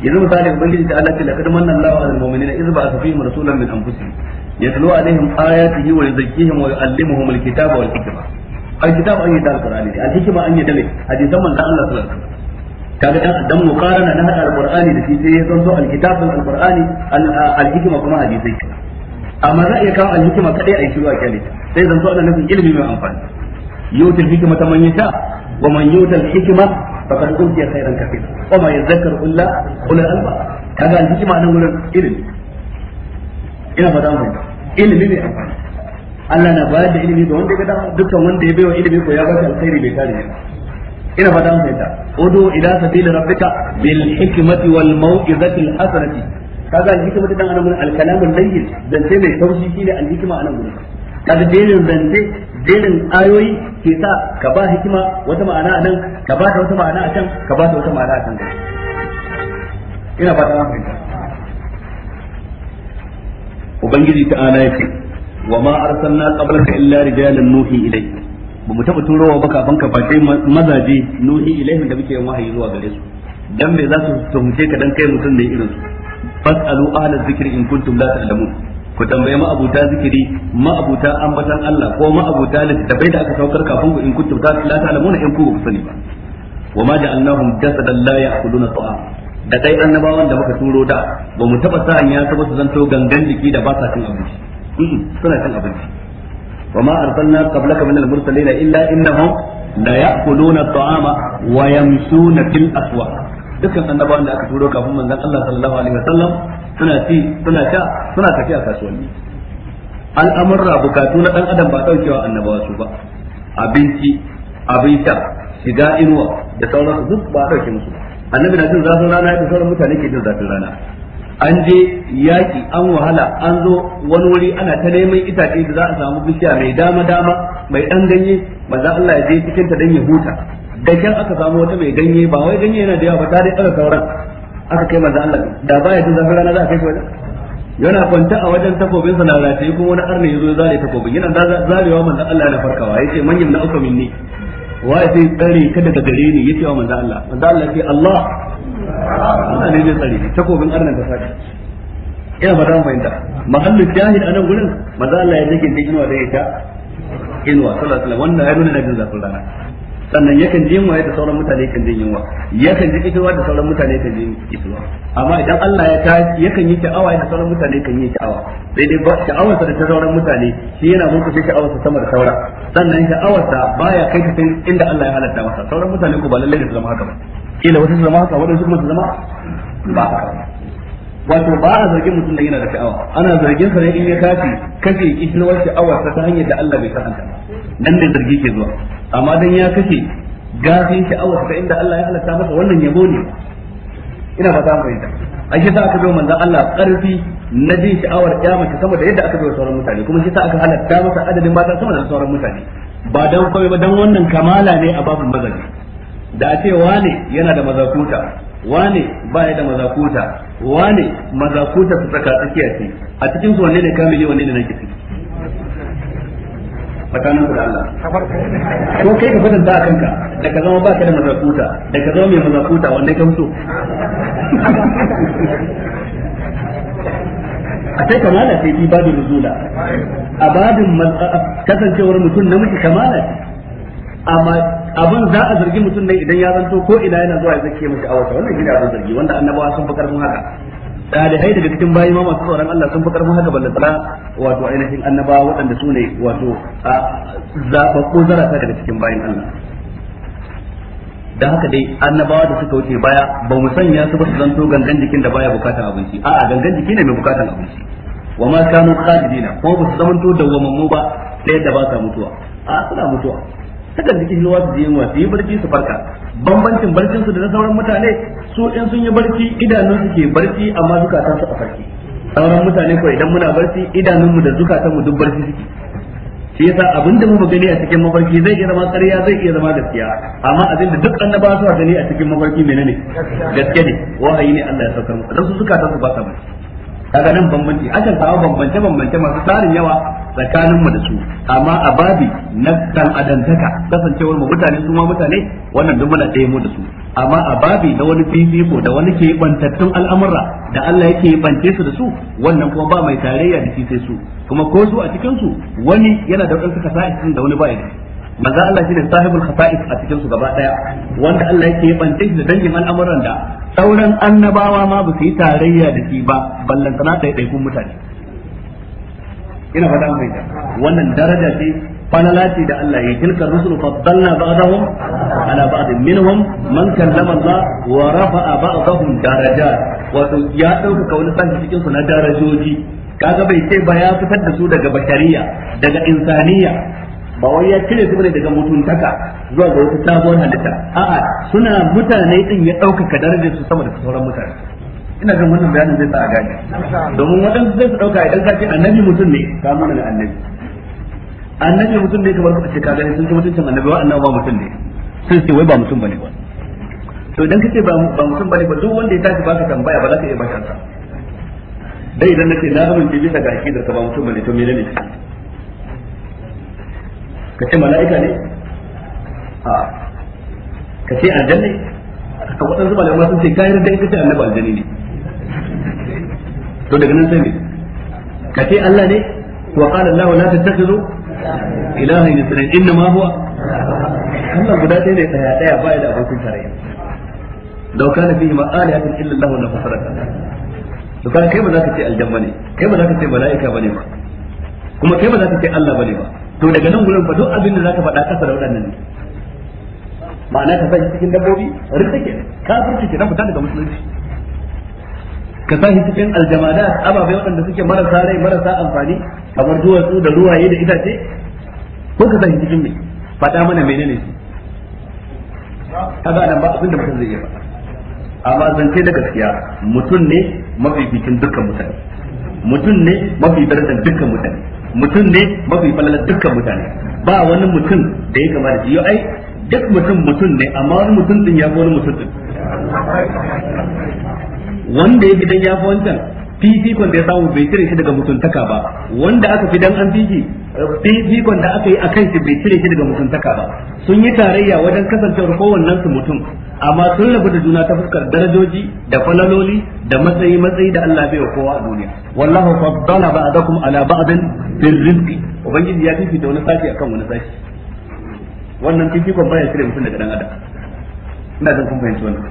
yanzu misali ubangiji ta Allah ce laqad manna Allahu 'alal mu'minina idh ba'atha fihim rasulan min anfusihim yatlu 'alaihim ayatihi wa yuzakkihim wa yu'allimuhum al-kitaba wal hikma al-kitab an yadal qur'ani al-hikma an yadal hadisan manzo Allah sallallahu alaihi wasallam kaga dan dan muqarana na hada al da shi sai ya zanto al-kitab wal qur'ani al-hikma kuma hadisai amma za a iya kawo al'hikima hikma kadai a yi shiru a kyale sai zanto ana nufin ilimi mai amfani yutul ta man yasha wa man yutul hikma faqad utiya khairan kathira wa ma yadhakkaru illa ulul albab kaga an hikima nan wurin ilimi ina fata mu ilimi Allah na bayar da ilimi ga wanda ya ga dukkan wanda ya baiwa ilimi ko ya ba shi alkhairi bai kare ba ina fata mu fahimta udu ila sabili rabbika bil hikmati wal mau'izati al hasanati kaga hikmati dan anan al kalamul layyin zance mai taushi ne al hikma anan gurin kaga jerin zance jerin ayoyi ke sa ka ba hikima wata ma'ana a nan ka ba ta wata ma'ana a can ka ba ta wata ma'ana a can ina ba ta fahimta ubangiji ta ana yake wa ma arsalna qablaka illa rijalan nuhi ilai? ba mu taba turowa ba kafin ka bace mazaje nuhi ilai da muke yin wahayi zuwa gare su dan me za su tuhumce ka dan kai mutum ne irin su fasalu ahla zikri in kuntum la ta'lamun ku tambaye ma'abuta zikiri ma'abuta ambatan Allah ko ma'abuta littattafai da aka saukar kafin ku in kuntum ta la ta'lamuna in ku ba sani ba wa ma ja'alnahum jasadan la ya'kuluna ta'am da dai annabawan da muka turo da ba mu taba sa'an ya taba su zanto gangan jiki da ba sa cin abinci suna cin abinci wa ma arsalna qablaka min al-mursalina illa innahum la ya'kuluna ta'ama wa yamshuna fil aswaq dukkan annabawan da aka turo kafin manzon Allah sallallahu alaihi wasallam suna ci suna sha suna tafi a kasuwanni al'amurra bukatu na dan adam ba daukewa annabawa su ba abinci abin sha shiga inuwa da sauransu duk ba dauke musu annabi na jin zafin rana da sauran mutane ke jin zafin rana an je yaki an wahala an zo wani wuri ana ta neman itace da za a samu bishiya mai dama dama mai dan ganye za Allah ya je cikin ta dan ya huta da kyan aka samu wata mai ganye ba wai ganye yana da yawa ba ta dai sauran aka kai manzo Allah da baya jin zafin rana za a kai shi wajen yana kwanta a wajen takobin sa na rataye kuma wani arna yazo ya zale takobin yana zarewa manzo Allah yana farkawa yace man yamna uka minni wa yace tsare ka daga gare ni yace wa manzo Allah manzo Allah yace Allah Allah ne zai tsare ni takobin arna da saka ina ba dan fahimta mahallu jahil anan gurin manzo Allah ya zake da da ita inwa sallallahu alaihi wasallam wannan ya nuna da zafin rana sannan yakan ji yunwa yadda sauran mutane kan jin yunwa yakan ji kitowa da sauran mutane kan jin kitowa amma idan Allah ya tashi yakan yi sha'awa yadda sauran mutane kan yi sha'awa sai dai sha'awarsa da ta sauran mutane shi yana muku sai sha'awarsa sama da saura sannan sha'awarsa baya kai ta inda Allah ya halatta masa sauran mutane ku ba lallai ne su zama haka ba kila wasu su zama haka wadansu kuma su zama ba haka wato ba a zargin mutum da yana da sha'awa ana zargin sa ne in ya kafi kashe kishirwar sha'awa ta hanyar da Allah bai kasanta nan da zargi ke zuwa amma dan ya kashe gafin sha'awa ta inda Allah ya halatta masa wannan yabo ne ina ba ta fahimta a shi sa aka bai manzon Allah karfi na jin sha'awar kyamata sama da yadda aka bai sauran mutane kuma shi sa aka halatta masa adadin mata sama da sauran mutane ba dan kawai ba dan wannan kamala ne a babin mazaji da a ce wane yana da mazakuta wane ba ya da mazakuta wane mazakuta su tsaka tsakiya ce a cikin su wanne ne kamili wanne ne nake ciki tsakanin ku da Allah ko kai ka kwatanta a kanka da ka zama baka da maza mazakuta da ka zama mai maza mazakuta wanne ka mutu? a sai kamala sai fi babin nuzula a babin kasancewar mutum namiji kamala ce amma abin za a zargi mutum ne idan ya zanto ko ina yana zuwa ya zake a awata wannan shine abin zargi wanda annabawa sun fi karfin haka dalihai daga cikin bayi ma masu tsoron Allah sun fi karfin haka balle tsara wato ainihin annabawa waɗanda su ne wato a zaɓaɓɓu zarata daga cikin bayin Allah da haka dai annabawa da suka wuce baya ba mu sanya su ba su zanto gangan jikin da baya bukatan abinci a'a gangan jiki ne mai bukatan abinci wa ma kanu khalidina ko ba su zamanto dawwamammu ba ɗaya da ba sa mutuwa a suna mutuwa sukan ji hilwa su je yunwa yi barci su farka bambancin barcin su da na sauran mutane su in sun yi barci idanun su ke barci amma zukatan su a farki sauran mutane ko idan muna barci idanunmu da zukatan mu duk barci suke shi yasa abin da muka gani a cikin mafarki zai iya zama ƙarya zai iya zama gaskiya amma abin da duk annaba suka gani a cikin mafarki menene gaske ne wahayi ne Allah ya saukar musu dan su suka su ba ka bane kaga nan bambanci akan samu bambance bambance masu tsarin yawa tsakanin mu da su amma a babi na dan adantaka kasancewar mu mutane su ma mutane wannan duk muna ɗaya mu da su amma a babi na wani fifiko da wani ke bantattun al'amura da Allah yake bance su da su wannan kuma ba mai tarayya da shi su kuma ko su a cikin su wani yana da wadansu kasa'is da wani ba ya Maza Allah shine sahibul khasa'is a cikin su gaba daya wanda Allah yake bance shi da dangin al'amuran da sauran annabawa ma ba su yi tarayya da shi ba ballantana ɗaiɗaikun mutane ina faɗa mai da wannan daraja ce falala da Allah ya tilka rusul faddalna ba'dahum ala ba'd minhum man kallama Allah wa rafa'a ba'dahum darajat wato ya dauka wani sashi cikin su na darajoji kaga bai ce ba ya fitar da su daga bashariya daga insaniya ba wai ya cire su ne daga mutuntaka zuwa ga wata sabuwar halitta a'a suna mutane din ya ɗaukaka darajar su sama da sauran mutane ina jin wannan bayanin zai sa a gane domin waɗansu zai su ɗauka idan ka ce annabi mutum ne ka nuna da annabi annabi mutum ne kamar ka ce ka gani sun ce mutuncin annabi wa annabi ba mutum ne sun ce wai ba mutum bane ba to idan kace ba ba mutum bane ba duk wanda ya tashi baka tambaya ba za ka iya bashi ansa dai idan nake na amince bisa ga akidar ka ba mutum bane to menene ka ce mala'ika ne a ka ce aljanna waɗansu malamai sun ce kayar da ita ce annabi aljani ne to daga nan sai ne ka ce Allah ne wa qala Allah la tattakhidhu ilaha illa sirrin inna ma huwa Allah guda ɗaya ne tsaya ɗaya ba da abokin tarayya law kana fihi ma alihatun illa Allah wa fasaraka to kana kai ba za ka ce aljanna ne kai ba za ka ce mala'ika bane ba kuma kai ba za ka ce Allah bane ba to daga nan gurin fa duk abin da za ka faɗa kasa da waɗannan ne ma'ana ka sa cikin dabbobi rinta kafirci ke nan fita daga musulunci ka sa shi cikin aljamada ababai waɗanda suke marasa rai marasa amfani kamar duwatsu da ruwaye da itace ko ka sa shi cikin mai faɗa mana menene su kaga nan ba abin da mutum zai yi ba amma zance da gaskiya mutum ne mafi bikin dukkan mutane mutum ne mafi darajar dukkan mutane mutum ne mafi falalar dukkan mutane ba wani mutum da ya kamar da shi ai duk mutum mutum ne amma wani mutum din ya fi wani mutum din wanda ya fi dan ya wancan fifikon da ya samu bai cire shi daga mutuntaka ba wanda aka fi dan an fiki fifikon da aka yi a kan shi bai cire shi daga mutuntaka ba sun yi tarayya wajen kasancewar kowannen su mutum amma sun rabu da juna ta fuskar darajoji da falaloli da matsayi matsayi da Allah bai wa kowa a duniya wallahu faddala ba'dakum ala ba'din fil rizqi ubangiji ya fifita wani sashi akan wani sashi wannan fifikon baya cire mutum daga dan adam ina da kun fahimci wannan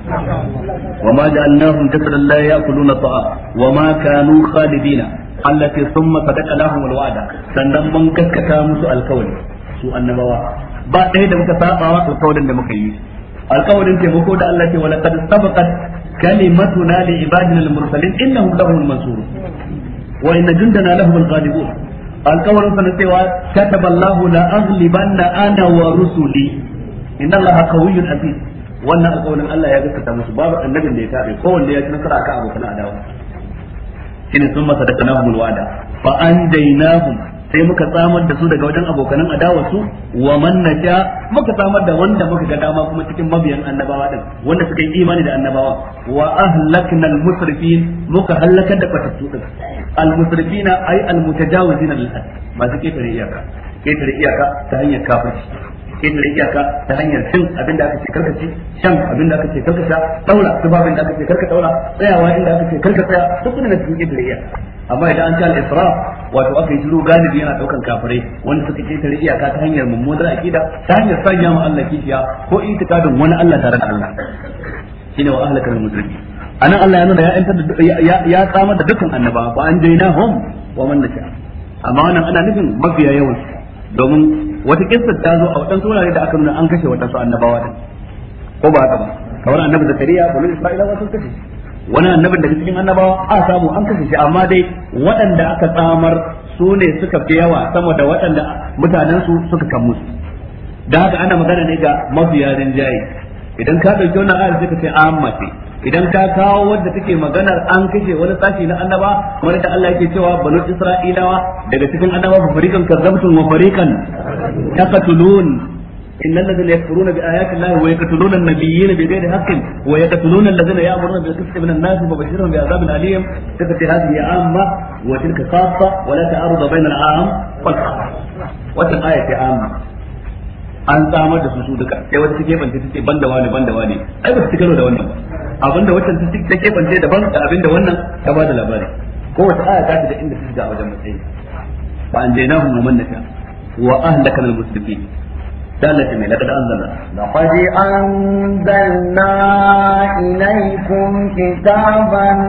wa ma ja'alnahum jasadan la ya'kuluna ta'am wa ma kanu khalidina allati thumma sadaqalahum alwa'da sannan mun gaskata musu alkawari su annabawa ba ɗaya da muka saba wa alkawarin da muka yi alkawarin taimako da Allah ce wala qad sabaqat kalimatuna li ibadina al-mursalin innahum lahum mansur wa inna jundana lahum al-ghalibun alkawarin sana cewa kataballahu la aghlibanna ana wa rusuli inna allaha qawiyyun aziz wannan alƙawarin Allah ya gaskata musu babu annabin da ya tabe kowanne ya ci nasara akan abokan adawa shine sun masa daga nahumul wada fa andaynahum sai muka tsamar da su daga wajen abokanan adawa su wa man nasha muka tsamar da wanda muka ga dama kuma cikin mabiyan annabawa din wanda suka yi imani da annabawa wa ahlakna al musrifin muka halakar da fatattu din al musrifina ay al mutajawizina lil had masu ketare iyaka ketare iyaka ta hanyar kafirci ketare iyaka ta hanyar cin abin da aka ce karka ci shan abin da aka ce karka sha daura tubabin da aka ce karka daura tsayawa inda aka ce karka tsaya duk wannan cikin ketare iyaka amma idan an ci al-isra wato aka yi shiru galibi yana daukan kafirai wanda suka ce ketare iyaka ta hanyar mummunar akida ta hanyar sanya mu Allah kishiya ko itikadin wani Allah tare da Allah shine wa ahlakal mujrimin anan Allah ya nuna ya antar da ya samar da dukkan annaba ba an daina hum wa man nasha amma wannan ana nufin mafiya yawan domin wata kissa ta zo a wadansu wurare da aka nuna an kashe su annabawa din ko ba haka ba kamar annabi zakariya ko isra'ila wasu kashe wani annabin daga cikin annabawa a samu an kashe shi amma dai waɗanda aka tsamar su ne suka fi yawa sama da waɗanda mutanen su suka kan musu da haka ana magana ne ga mafiya rinjaye idan ka ɗauki wannan ayar sai ka ce amma ce idan ka kawo wadda take maganar an kashe wani sashi na annaba wani da Allah yake cewa banu isra'ilawa daga cikin annaba fa fariqan kazzabtum wa fariqan taqtulun إن الذين يكفرون بآيات الله ويقتلون النبيين بغير حق ويقتلون الذين يأمرون بالقسط من الناس فبشرهم بعذاب أليم تلك هذه عامة وتلك خاصة ولا تعارض بين العام والخاص وتلك آية عامة an samar da su su duka sai wata take bance ban da wani da wani ai ba su karo da wannan abin da wata take bance daban da abin da wannan ta da labari ko wata aya ta da inda ga a wajen matsayi fa an jaina hum man nasha wa ahlaka al muslimin Da ne laqad anzalna laqad anzalna ilaykum kitaban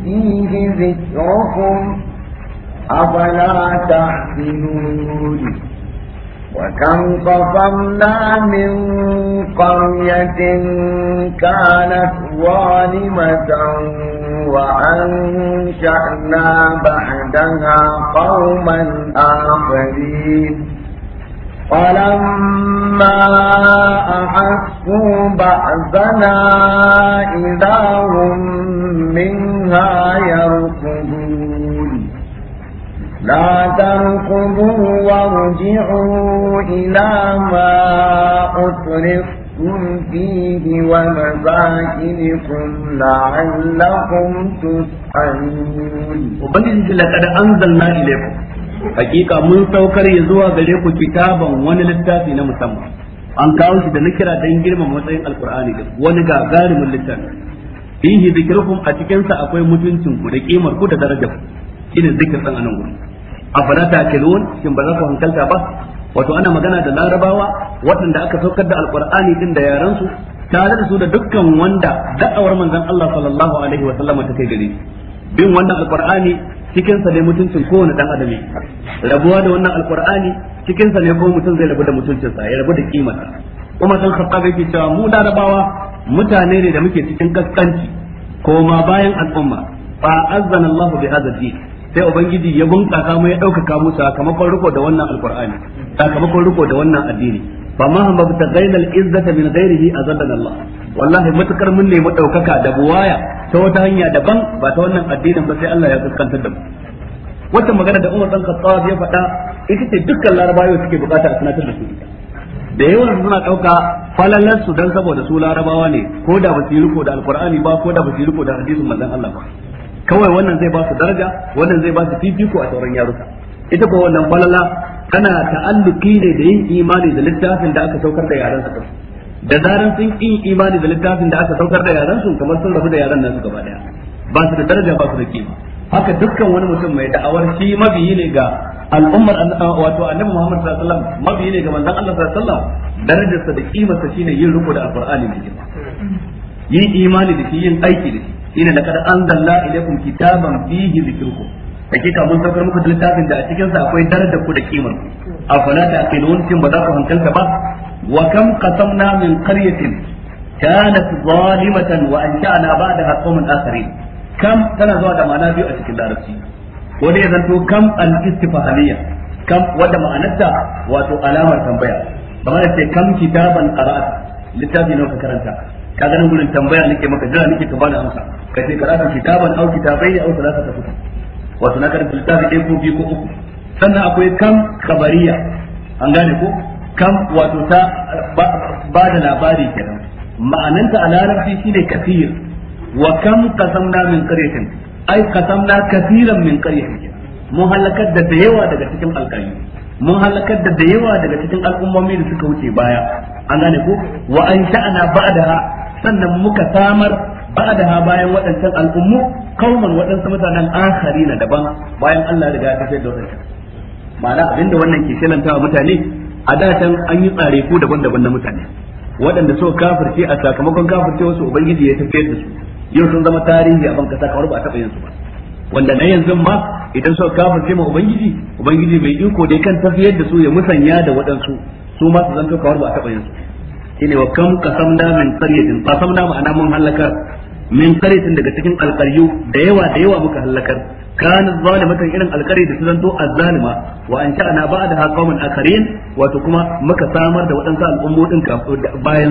fihi dhikrukum afala ta'qilun وكم قصمنا من قرية كانت ظالمة وأنشأنا بعدها قوما آخرين فلما أحسوا بأسنا إذا هم منها يركضون لا تركضوا وارجعوا إلى ما أترفتم فيه ومساكنكم لعلكم تسألون وبنجد لقد أنزلنا إليكم حقيقة من سوكر يزوى غليكم كتابا ونلتافي نمسمى an kawo shi da na kira don girma matsayin alkur'ani da wani gagarumin littafi fihi zikirkum a cikinsa akwai mutuncin ku da kimar ku da darajar ku shine zikir dan anan gurin afala taqilun shin ba za ku hankalta ba wato ana magana da larabawa waɗanda aka saukar da alqur'ani din da yaran su tare da su da dukkan wanda da'awar manzon Allah sallallahu alaihi wa sallama ta kai gare bin wannan alqur'ani cikin sa ne mutuncin kowane dan adami rabuwa da wannan alqur'ani cikin sa ne ko mutum zai rabu da mutuncinsa ya rabu da sa kuma san khattab ke cewa mu larabawa mutane ne da muke cikin kaskanci ko ma bayan al'umma fa azzana Allah bi hadha sai ubangiji ya bunkasa mu ya ɗaukaka mu sakamakon riko da wannan alqur'ani sakamakon riko da wannan addini fa ma hamba ta gainal izzata min ghairihi azadan Allah wallahi matukar mun ne mu ɗaukaka da buwaya ta wata hanya daban ba ta wannan addinin ba sai Allah ya fuskantar da mu wata magana da Umar dan Khattab ya faɗa ita ce dukkan larabawa suke bukata a sanatar da su da yawan suna ɗauka falalar su dan saboda su larabawa ne ko da ba su yi riko da alqur'ani ba ko da ba su yi riko da hadisin manzon Allah ba kawai wannan zai ba su daraja wannan zai ba su fifiko a sauran yaruka ita ko wannan falala tana ta'alluki ne da yin imani da littafin da aka saukar da yaran su da zaran sun yi imani da littafin da aka saukar da yaran su kamar sun rabu da yaran nan su gaba daya ba su da daraja ba su da kima haka dukkan wani mutum mai da'awar shi mabiyi ne ga al'ummar wato annabi Muhammad sallallahu alaihi wasallam mabiyi ne ga manzon Allah sallallahu alaihi wasallam darajarsa da kimarsa shine yin riko da alqur'ani da kima yin imani da shi yin aiki da shi Ina da kada an anzalna ilaykum kitaban fihi dhikrukum hakika mun saukar muku littafin da a cikin sa akwai darajar ku da kimar ku afala ta'qilun kin ba za ku hankalta ba wa kam qasamna min qaryatin kanat zalimatan wa ansha'na ba'daha qauman akharin kam tana zuwa da ma'ana biyu a cikin larabci wanda ya zanto kam al-istifhamiyya kam wadda ma'anarta wato alamar tambaya kamar da ce kam kitaban qara'at littafi nawa ka karanta ka ganin gurin tambaya nake maka jira nake ka bani amsa ka ce karatu kitaban au kitabai au salasa ta kuta wato na karanta littafi ɗaya ko biyu ko uku sannan akwai kam kabariya an gane ko kam wato ta ba da labari kenan ma'ananta a larabci shine kafir wa kam kasamna min qaryatin ai kasamna kafiran min qaryatin mun halakar da da yawa daga cikin alƙari mun halakar da da yawa daga cikin al'ummomi da suka wuce baya an gane ko wa an sha'ana ba'daha sannan muka samar ba'daha bayan waɗancan al'ummu kauman waɗansu mutanen akhari na daban bayan Allah riga ya tafiyar da waɗancan ma'ana abinda wannan ke wa mutane a da can an yi tsare ku daban-daban na mutane waɗanda so kafirce a sakamakon kafirce wasu ubangiji ya tafi da su yau sun zama tarihi a ban kasa kamar ba a taɓa yin su ba wanda na yanzu ma idan so kafirce ma ubangiji ubangiji mai iko dai kan tafiyar da su ya musanya da waɗansu su ma su zanto kawar ba a taɓa yin su shine wa kam da min qaryatin qasamna ma'ana mun halakar min qaryatin daga cikin alqaryu da yawa da yawa muka halakar kana zalimatan irin alqaryu da zanto azzalima wa an sha'ana ba'daha qauman akharin wato kuma muka samar da wadansu al'ummomin bayan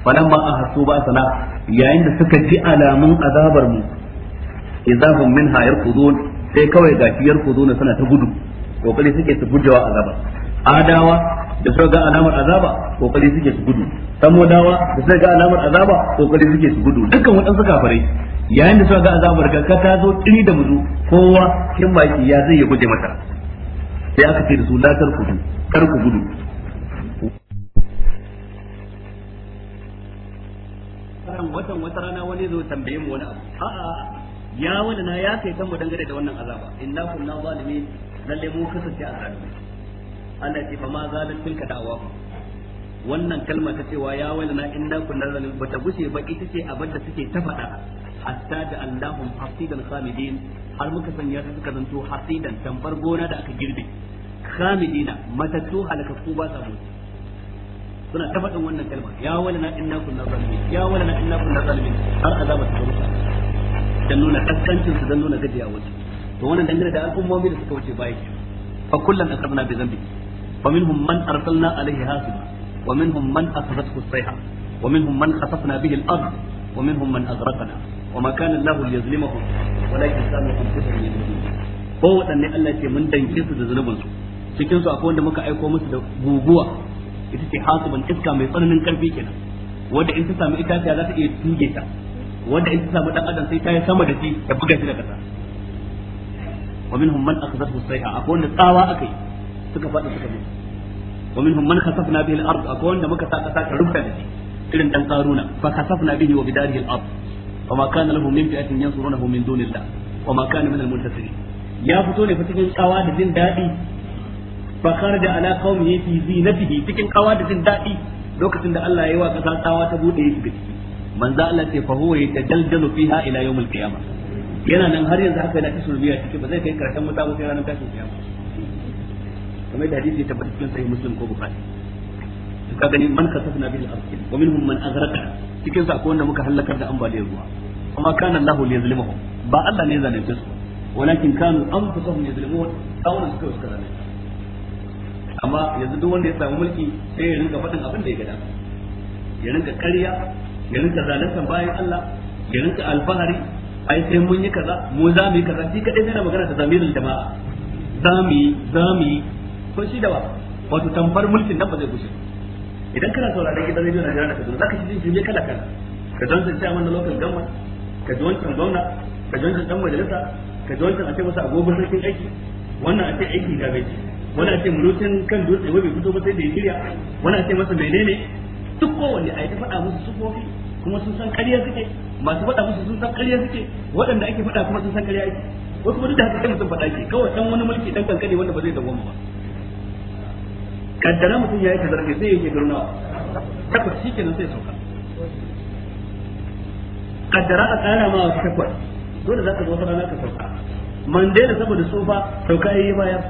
su a hasu ba sana yayin da suka ji alamun azabar mu idahum minha yarkudun sai kawai gashi na suna ta gudu kokari suke su gujewa azaba adawa da suka ga alamar azaba kokari suke su gudu dawa da suka ga alamar azaba kokari suke su gudu dukkan waɗansu kafirai yayin da suka ga azabar ka ta zo tiri da muzu kowa kin baki ya zai ya guje mata sai aka ce da su la tarkudu kar ku gudu ran watan wata rana wani zo tambaye mu wani abu a'a ya wani na ya kai san mu dangane da wannan azaba inna kunna zalimin lalle mu kasance a zalimin ana ce fa ma zalat tilka da'wa wannan kalma ta cewa ya wailana inna kunna bata gushe ba ita ce abin da suke ta faɗa hatta da Allahum hasidan khamidin har muka sanya su suka zanto hasidan tambar gona da aka girbe khamidina matattu halakatu ba sa mutu suna ta faɗin wannan kalma ya wailana inna kunna zalimin ya wailana inna kunna zalimin har azaba ta mutu dan nuna kaskancin su dan nuna gajiya wuce to wannan dangane da al'ummomi da suka wuce baya fa kullum akabna bi فمنهم من أرسلنا عليه هاسبا ومنهم من أخذته الصيحة ومنهم من خسفنا به الأرض ومنهم من أغرقنا وما كان الله ليظلمهم ولكن كانوا أنفسهم يظلمون ko Allah ce mun danke su da zunubin cikin su akwai wanda muka aiko musu da guguwa ita ce hasiban iska mai tsananin karfi kenan wanda in ta samu itaciya za ta iya tuge ta wanda in ta samu dan adam sai ta yi sama da shi ta buga shi da kasa wa minhum man akhadhathu sayha akwai wanda tsawa akai suka faɗi suka mutu wa man khasafna bihi al-ard wanda muka sa kasa ta rufta da shi irin dan karuna fa khasafna bihi wa bidarihi al-ard wa ma kana lahu min fi'atin yansurunahu min dunillah wa ma kana min al ya fito ne fa cikin tsawa da jin dadi fa kharaja ala qaumihi fi zinatihi cikin tsawa jin dadi lokacin da Allah ya yi wa kasa tsawa ta buɗe ya shiga ciki manzo Allah yana nan har yanzu haka yana ta surbiya ciki ba zai kai karshen wuta ba sai ranar tashin kiyama kamar da hadisi ya tabbata cikin sahih muslim ko bukhari ka gani man kasafna bil ardi wa minhum man aghraqna cikin sa akwai wanda muka halakar da ambaliyar ruwa kuma kana Allah li yazlimuhum ba Allah ne zalunce su walakin kanu anfusuhum yazlimun kawunan suka suka zalunce amma yanzu duk wanda ya samu mulki sai ya rinka faɗin abin da ya gada ya rinka ƙarya ya rinka zalunta bayan Allah ya rinka alfahari ai sai mun yi kaza mu za mu yi kaza shi kadai na magana da zamirin jama'a za mu yi za mu yi ko shi da ba wato tamfar mulkin nan ba zai kushe idan kana sauraron gidan rediyo na jira na Kaduna zaka ji jin kala kala ka don san cewa wannan local government ka ji wancan gwamna ka ji wancan dan majalisa ka ji wancan a ce masa agogon sarkin aiki wannan a ce aiki ga gaji wani a ce mulutin kan dutse wai fito ba sai da ya shirya wani a ce masa menene duk kowanne a yi ta faɗa musu sufofi kuma sun san ƙarya suke masu faɗa musu sun san ƙarya suke waɗanda ake faɗa kuma sun san ƙarya ake wasu wani da haka kai mutum faɗa ke kawai dan wani mulki dan kankani wanda ba zai dawwama ba kaddara mutum yayi kaza ke sai yake garna takwas shikenan sai sauka kaddara a tsara ma takwas dole za ka zo sana ka sauka man daina saboda tsufa sauka yi bayan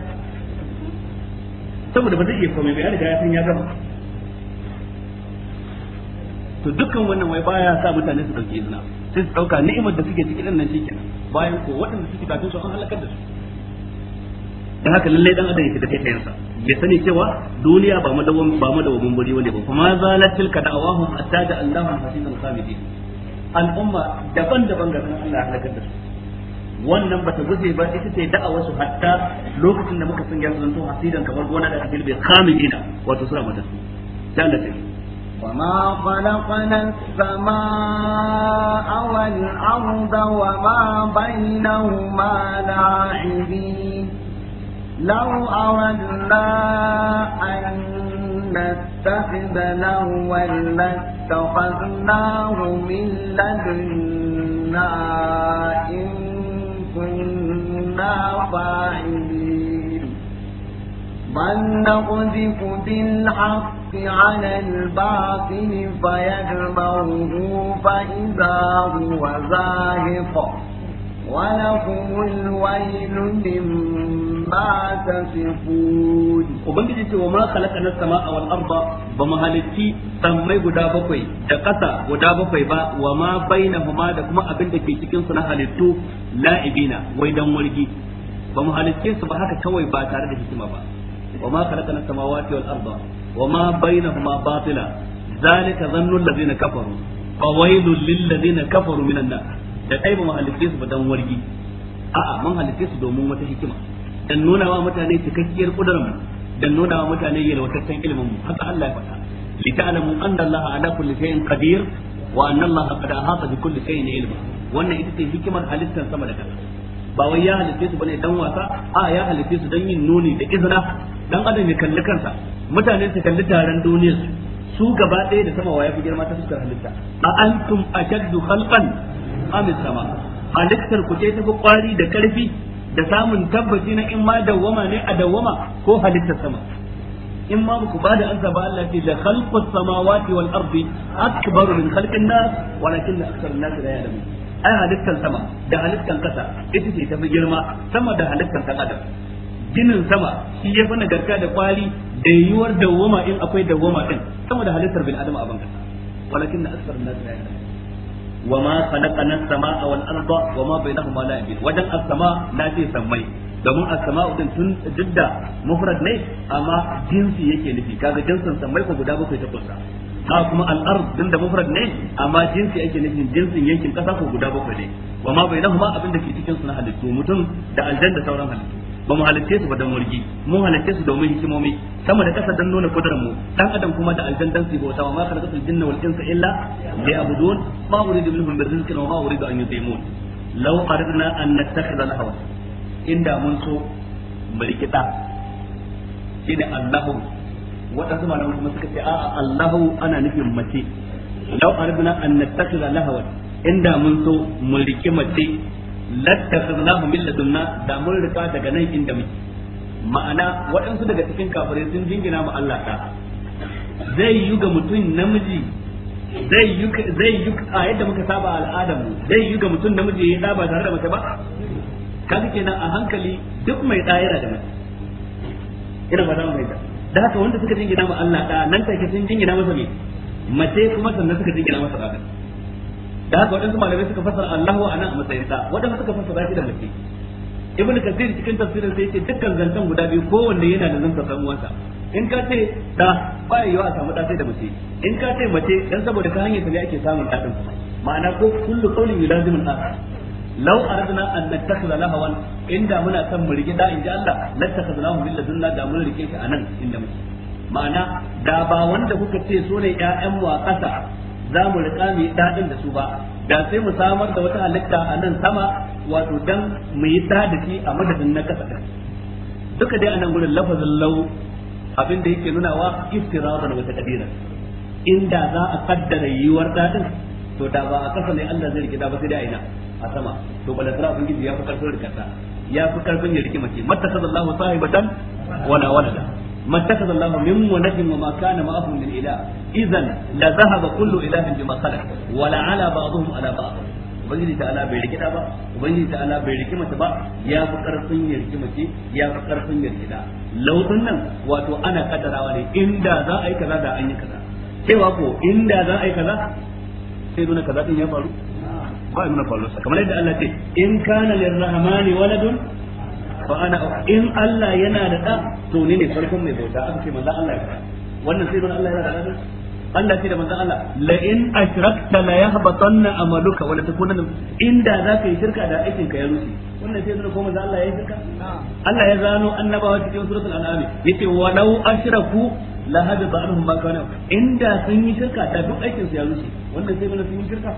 saboda ba zai iya komai ba ya ya fi ya gama to dukkan wannan wai baya sa mutane su dauki izina sai su dauka ni'imar da suke cikin nan shi kenan bayan ko waɗanda suke kafin su an halakar da su da haka lalle dan adam yake da kai tayansa bai sani cewa duniya ba madawan ba madawan bari wani ba kuma zalat tilka da'awahum hatta da Allahu hasibul khabidin al'umma daban-daban ga Allah ya halakar da su wannan bata guje ba ita ce da'awar su hatta lokacin da muka san yanzu zanto hasidan kamar gona da kafil bai khamidina wato sura mata su sai Allah ta وما خلقنا السماء والأرض وما بينهما لاعبين لو أردنا أن نتخذ لهوا لاتخذناه من لدنا إن كنا فاعلين بل نقذف بالحق على الباطل فيجبره فإذا هو زاهق ولكم الويل مما تصفون وبنجي ce wa ma khalaqana as-samaa wal arda bama halitti sammai guda bakwai da ƙasa guda bakwai ba wa ma bainahuma da kuma abin da ke cikin su na halittu la'ibina wai dan wargi bamu halitte su ba haka kawai ba tare da hikima ba wa ma khalaqana as-samawati wal arda wa ma bainahuma batila zalika dhannu alladhina kafaru fawailul lil ladina kafaru minan nar da kai ba mu halitta su ba dan wargi a'a mun halitta su domin wata hikima dan nuna wa mutane cikakkiyar kudurar mu dan nuna wa mutane yalwataccen ilimin mu haka Allah ya faɗa li ta'lamu anna Allah ala kulli shay'in qadir wa anna Allah qad ahata bi kulli shay'in ilma wannan ita ce hikimar halittar sama da kasa ba wai ya halitta su bane dan wasa a ya halitta su dan yin nuni da izina dan adam ya kalli kansa mutane su kalli taron duniyar su su gaba ɗaya da sama wa ya fi girma ta fuskar halitta a antum ashaddu khalqan Amin sama halittar ku ce tafi kwari da karfi da samun tabbaci na in ma dawwama ne a dawwama ko halittar sama in ma ku ba da ansa ba Allah ce da khalqus samawati wal ardi akbaru min khalqin nas walakin akthar an-nas la ya'lamun ai halittar sama da halittar kasa ita ce tafi girma sama da halittar kan adam ginin sama shi ya fi nagarta da kwari da yiwuwar dawwama in akwai dawwama din sama da halittar bil adam a ban kasa walakin akthar an-nas la ya'lamun وما خلقنا السماء والأرض وما بينهما لاعبين وجن السماء لا تسمي domin asma'u din tun didda mufrad ne amma jinsi yake nufi kaga jinsin sammai ko guda bakwai ta kusa kuma al-ard din da mufrad ne amma jinsi yake nufin jinsin yankin kasa ko guda bakwai ne wa ma abin da ke cikin su na halittu mutum da aljan da halittu ba mu halitte su ba dan murgi mun halitte su domin hikimomi sama da kasa dan nuna kudarar mu dan adam kuma da aljan aljanna su bauta wa ma khalaqatul jinna wal insa illa liya'budun ma uridu minhum min rizqin wa ma uridu an yut'imun law aradna an nattakhidha lahwa inda mun so mulkita shine Allahu wadansu na kuma suka ce a'a Allahu ana nufin mace law aradna an nattakhidha lahwa inda mun so mulki mace lattakhadnahu min ladunna da mun rika daga nan inda muke ma'ana waɗansu daga cikin kafirai sun jingina mu Allah ta zai yi ga mutum namiji zai yi zai yi a yadda muka saba al'adar mu zai yi ga mutum namiji ya da ba tare da mace ba kaga kenan a hankali duk mai tsayira da mace ina ba za mu mai da haka wanda suka jingina mu Allah ta nan take sun jingina masa me mace kuma sannan suka jingina masa ɗaga da haka waɗansu malamai suka fassara Allahu a nan a matsayin sa waɗansu suka fasara shi da mace ibnu kasir cikin tafsirin sai yace dukkan zantan guda biyu kowanne yana da zantan san uwansa in ka ce da bai yayi a samu da sai da mace in ka ce mace dan saboda ka hanyar ne ake samun dadin ma'ana ko kullu qawlin yulazimun akhar law aradna an nattakhidha lahawan inda muna san mu rike da inji Allah lattakhadnahu min ladunna da mun rike shi anan inda mace ma'ana da ba wanda kuka ce so ne ƴaƴan mu a ƙasa za mu riƙa mu yi daɗin da su ba da sai mu samar da wata halitta a nan sama wato dan mu yi shi a madadin na kasa ɗin duka dai a nan gurin lafazin lau abin da yake nunawa iftirazan wata ƙabila inda za a kaddara yiwuwar daɗin to da ba a kasa ne Allah zai rikida ba sai dai a ina a sama to abin ubangiji ya fi karfin rikata ya fi karfin ya rikima matta sallallahu sahibatan wala walada ما اتخذ الله من ولد وما كان معه من اله اذا لذهب كل اله بما خلق ولا على بعضهم على بعض ubangiji ta ala bai rikida ba ubangiji ta ala bai riki mace ba ya fi karfin ya riki mace ya fi karfin ya rikida laudin nan wato ana kaddarawa ne inda za a yi kaza da an yi kaza cewa ko inda za a yi kaza sai nuna kaza din ya faru ba nuna faru kamar yadda Allah ce in kana lirrahmani waladun fa ana in Allah yana da da to ni ne farkon mai bauta aka ce manzo Allah ya fara wannan sai don Allah yana da da Allah ce da manzo Allah la in ashrakta la yahbatanna amaluka wala takunanna inda zaka yi shirka da aikin ka ya rushe wannan sai don ko manzo Allah ya yi shirka Allah ya zano annabawa cikin suratul an'am yace walau ashraku la hada ba anhum ma kana inda sun yi shirka da duk aikin su ya rushe wannan sai don sun yi shirka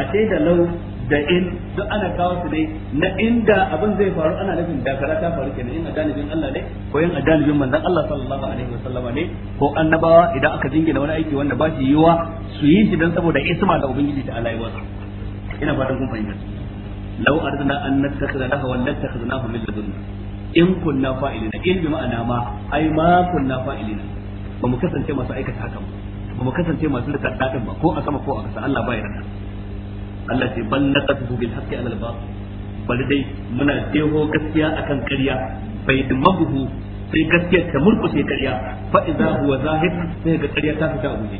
a ce da lau da in duk ana kawo su dai na inda abin zai faru ana nufin dakara ta faru kenan in adanibin Allah ne ko in adanibin manzon Allah sallallahu alaihi wasallam ne ko annabawa idan aka jingina wani aiki wanda ba shi yiwa su yi shi dan saboda isma da ubangiji ta Allah ya wasa ina fatan kun fahimta law arzana an nattakhidha lahu lattakhidnahu min ladunna in kunna fa'ilina in bi ma'ana ma ai ma kunna fa'ilina ba mu kasance masu aikata haka ba mu kasance masu rikadda ba ko a sama ko a kasa Allah ba ya rikadda Allah ce bal naqatuhu bil haqqi ala al batil bari dai muna jeho gaskiya akan ƙarya bai mabuhu sai gaskiya ta murkushe ƙarya fa idza huwa zahid sai ga ƙarya ta fita guje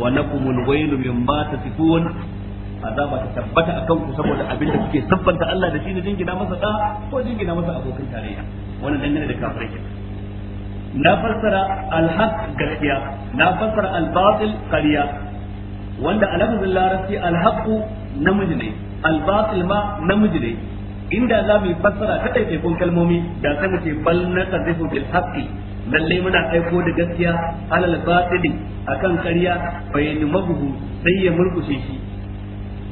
wa lakumul waylu mimma tasifun azaba ta tabbata akan ku saboda abin da kuke sabbanta Allah da shi ne jingina masa da ko jingina masa abokan tarayya wannan dangane da kafirai na fassara al-haq gaskiya na fassara al-batil ƙarya wanda a lafazin larabci alhaqu namiji ne albatil ma namiji ne inda za mu yi fassara ta ɗaiɗaikun kalmomi da sai mu ce bal na tsazifu bil haqqi lalle muna aiko da gaskiya alal batili akan ƙarya bai numahu sai ya mulkushe shi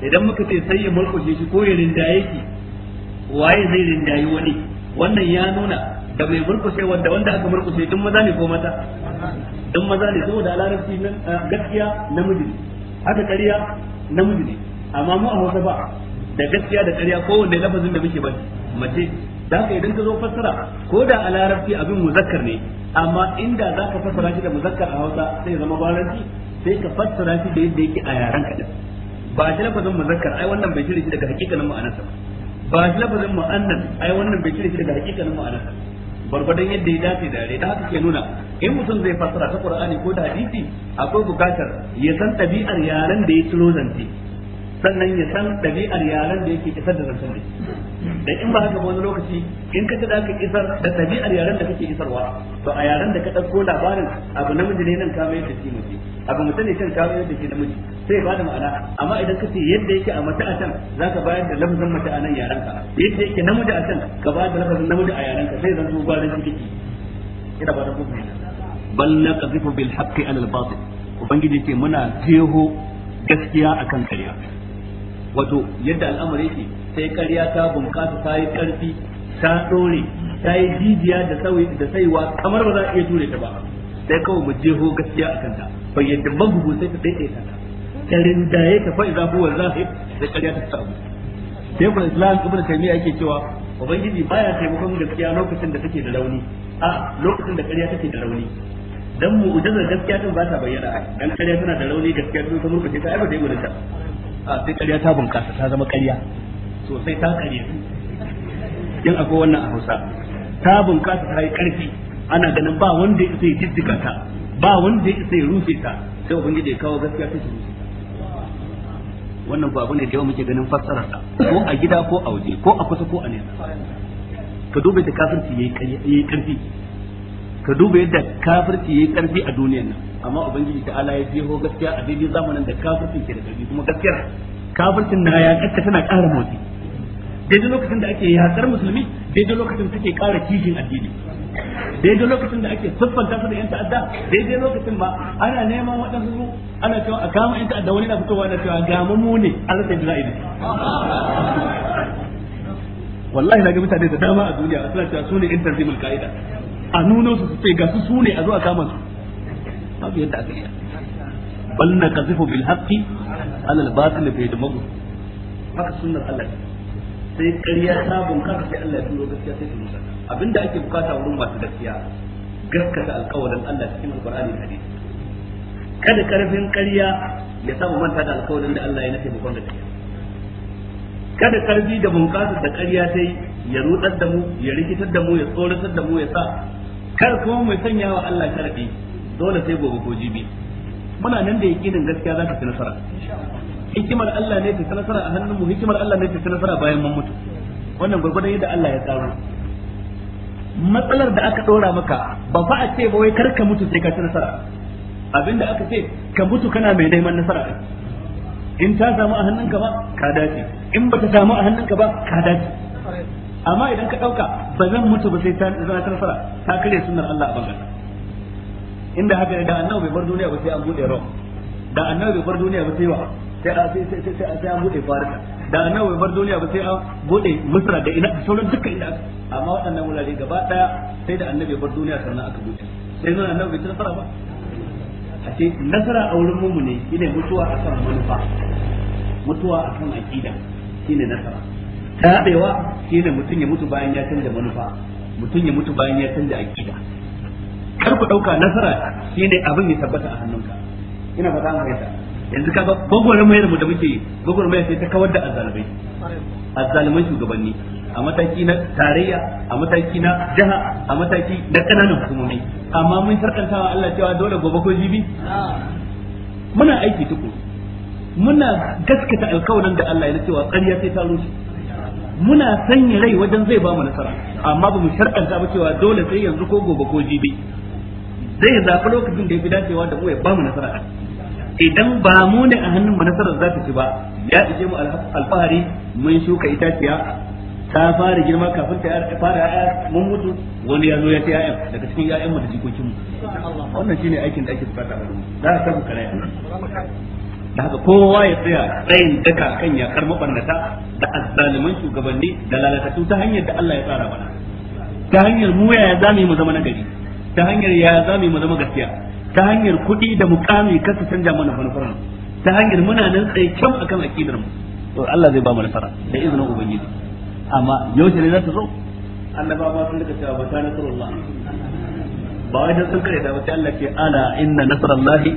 idan muka ce sai ya mulkushe shi ko ya rindaye ki waye zai rindayi wani wannan ya nuna da mai mulkushe wanda wanda aka mulkushe duk maza ne ko mata duk maza ne saboda larabci gaskiya namiji ne haka ƙarya namiji ne amma mu a Hausa ba da gaskiya da ƙarya kowanne lafazin da muke ba mace da haka idan ka zo fassara ko da a larabci abin muzakkar ne amma inda za ka fassara shi da muzakkar a Hausa sai zama balanci sai ka fassara shi da yadda yake a yaran ka ba shi lafazin muzakkar ai wannan bai shirye shi daga hakikanin ma'anarsa ba shi lafazin mu'annas ai wannan bai shirye shi daga hakikanin ma'anarsa gwargwadon yadda ya dace da yare da haka ke nuna in mutum zai fassara ta qur'ani ko da hadisi akwai bukatar ya san ɗabi'ar yaren da ya ciro zance sannan ya san ɗabi'ar yaren da yake isar da zancen da da in ba haka wani lokaci in ka ta da ka isar da ɗabi'ar yaren da kake isarwa to a yaren da ka ɗauko labarin abu namiji ne nan ka mai da shi mutum abu mu sani shan shanu yadda ke namiji sai ba da ma'ana amma idan ka ce yadda yake a mata a can za ka bayar da lafazin mata a nan yaran ka yadda yake namiji a can ka bayar da lafazin namiji a yaran ka sai zan zo bayan ciki ina ba da ku bal naqzifu bil haqqi ala al batil ubangiji ce muna jeho gaskiya akan kariya wato yadda al'amari yake sai kariya ta bunƙasa ta yi ƙarfi ta ɗore ta yi jijiya da saiwa kamar ba za a iya ture ta ba sai kawai mu jeho gaskiya a kanta ta yadda magubu sai ta daidaita ta ta ya ta fa'iza huwa zahir da ƙarya ta samu sai kuma islam ibnu taymiya yake cewa ubangiji baya taimakon gaskiya lokacin da take da rauni a lokacin da ƙarya take da rauni dan mu'jizar gaskiya din ba ta bayyana dan ƙarya tana da rauni gaskiya din ta murkushe ta ai ba ta yi a sai ƙarya ta bunkasa ta zama ƙarya sosai ta ƙarya yin akwai wannan a Hausa ta bunkasa ta yi ƙarfi ana ganin ba wanda ya isa ya jiddika ta ba wanda ya isa ya rufe ta sai gida ya kawo gaskiya ta rufe wannan ba abu ne da yau muke ganin fassarar ta ko a gida ko a waje ko a kusa ko a nesa ka duba yadda kafirci yayi karfi ka duba yadda kafirci yayi karfi a duniyar nan amma ubangiji ta ala ya jeho gaskiya a daidai zamanin da kafirci ke da karfi kuma gaskiyar kafircin na ya yaƙarta tana ƙara motsi daidai lokacin da ake yatsar musulmi daidai lokacin take ƙara kishin addini daidai lokacin da ake siffanta su da yan ta'adda daidai lokacin ba ana neman waɗansu su ana cewa a kama yan ta'adda wani na fitowa na cewa ga mu ne Allah rasa yadda wallahi na ga mutane da dama a duniya a suna cewa su ne yan tanzimul ka'ida a nuno su su ga su su ne a zo a kama su babu yadda aka iya bal na kazifu bil haqqi ala al batil fi haka sunnar Allah sai ƙarya sabon kasa sai Allah ya turo gaskiya sai ta musa abinda ake bukata wurin masu gaskiya gaskata alkawarin Allah cikin alkur'ani da hadisi kada karfin ƙarya ya samu manta da alkawarin da Allah ya nace bakon da gaskiya kada karfi da bunƙasa da ƙarya ta yi ya rutsar da mu ya rikitar da mu ya tsoratar da mu ya sa kar kuma mu sanya wa Allah sharadi dole sai gobe ko jibi muna nan da yakinin gaskiya za ta ci nasara hikimar Allah ne ta ci nasara a hannun mu hikimar Allah ne ta ci nasara bayan mun mutu wannan gurgurdan yadda Allah ya tsara. matsalar da aka ɗora maka ba fa a ce ba wai kar ka mutu sai ka ci nasara abinda aka ce ka mutu kana mai neman nasara in ta samu a hannunka ba ka dace in ba ta samu a hannunka ba ka dace amma idan ka ɗauka ba zan mutu ba sai ta zana ta nasara ta kare sunan Allah a bangar inda haka da annabi bai bar duniya ba sai an buɗe rom da annabi bai bar duniya ba sai wa sai sai sai sai an buɗe farka da annabi wai bar duniya ba sai a bude misra da ina sauran dukkan ina amma waɗannan wurare gaba daya sai da annabi bar duniya sannan aka bude sai nan annabi bai ci nasara ba a ce nasara a wurin mu ne ina mutuwa a kan manufa mutuwa a kan aqida shine nasara tabewa shine mutun ya mutu bayan ya canza manufa mutun ya mutu bayan ya canza aqida kar ku dauka nasara shine abin ya tabbata a hannunka ina fata an fahimta yanzu kaga gwagwarmayar mu da muke mai sai ta kawar da azzalumai azzalumai shugabanni a mataki na tarayya a mataki na jiha a mataki na kananan hukumomi amma mun farkanta wa Allah cewa dole gobe ko jibi muna aiki tukuru muna gaskata alkawarin da Allah ya cewa ƙarya sai ta rushe muna sanya rai wajen zai ba mu nasara amma ba mu sharkanta ba cewa dole sai yanzu ko gobe ko jibi zai zafi lokacin da ya fi dacewa da mu ya ba mu nasara idan ba mu ne a hannun manasar za ta ci ba ya ce mu alfahari mun shuka itaciya ta fara girma kafin ta fara ya'ya mun mutu wani ya zo ya ta ya'ya daga cikin ya'yan mu da jikokin mu wannan shine aikin da ake bukata a za a samu kare da haka kowa ya tsaya tsayin daka kan yakar mabarnata da azzaliman shugabanni da lalatatu, ta hanyar da Allah ya tsara mana ta hanyar mu ya zame mu zama nagari ta hanyar ya zame mu zama gaskiya ta hanyar kuɗi da mukami kasa canja mana manufar ta hanyar muna nan tsaye kyam akan akidar mu to Allah zai ba mu nasara da izinin ubangiji amma yaushe ne za ta zo annabawa sun daga cewa mata nasarullah ba wai sun kare da wata Allah ce ala inna nasrallahi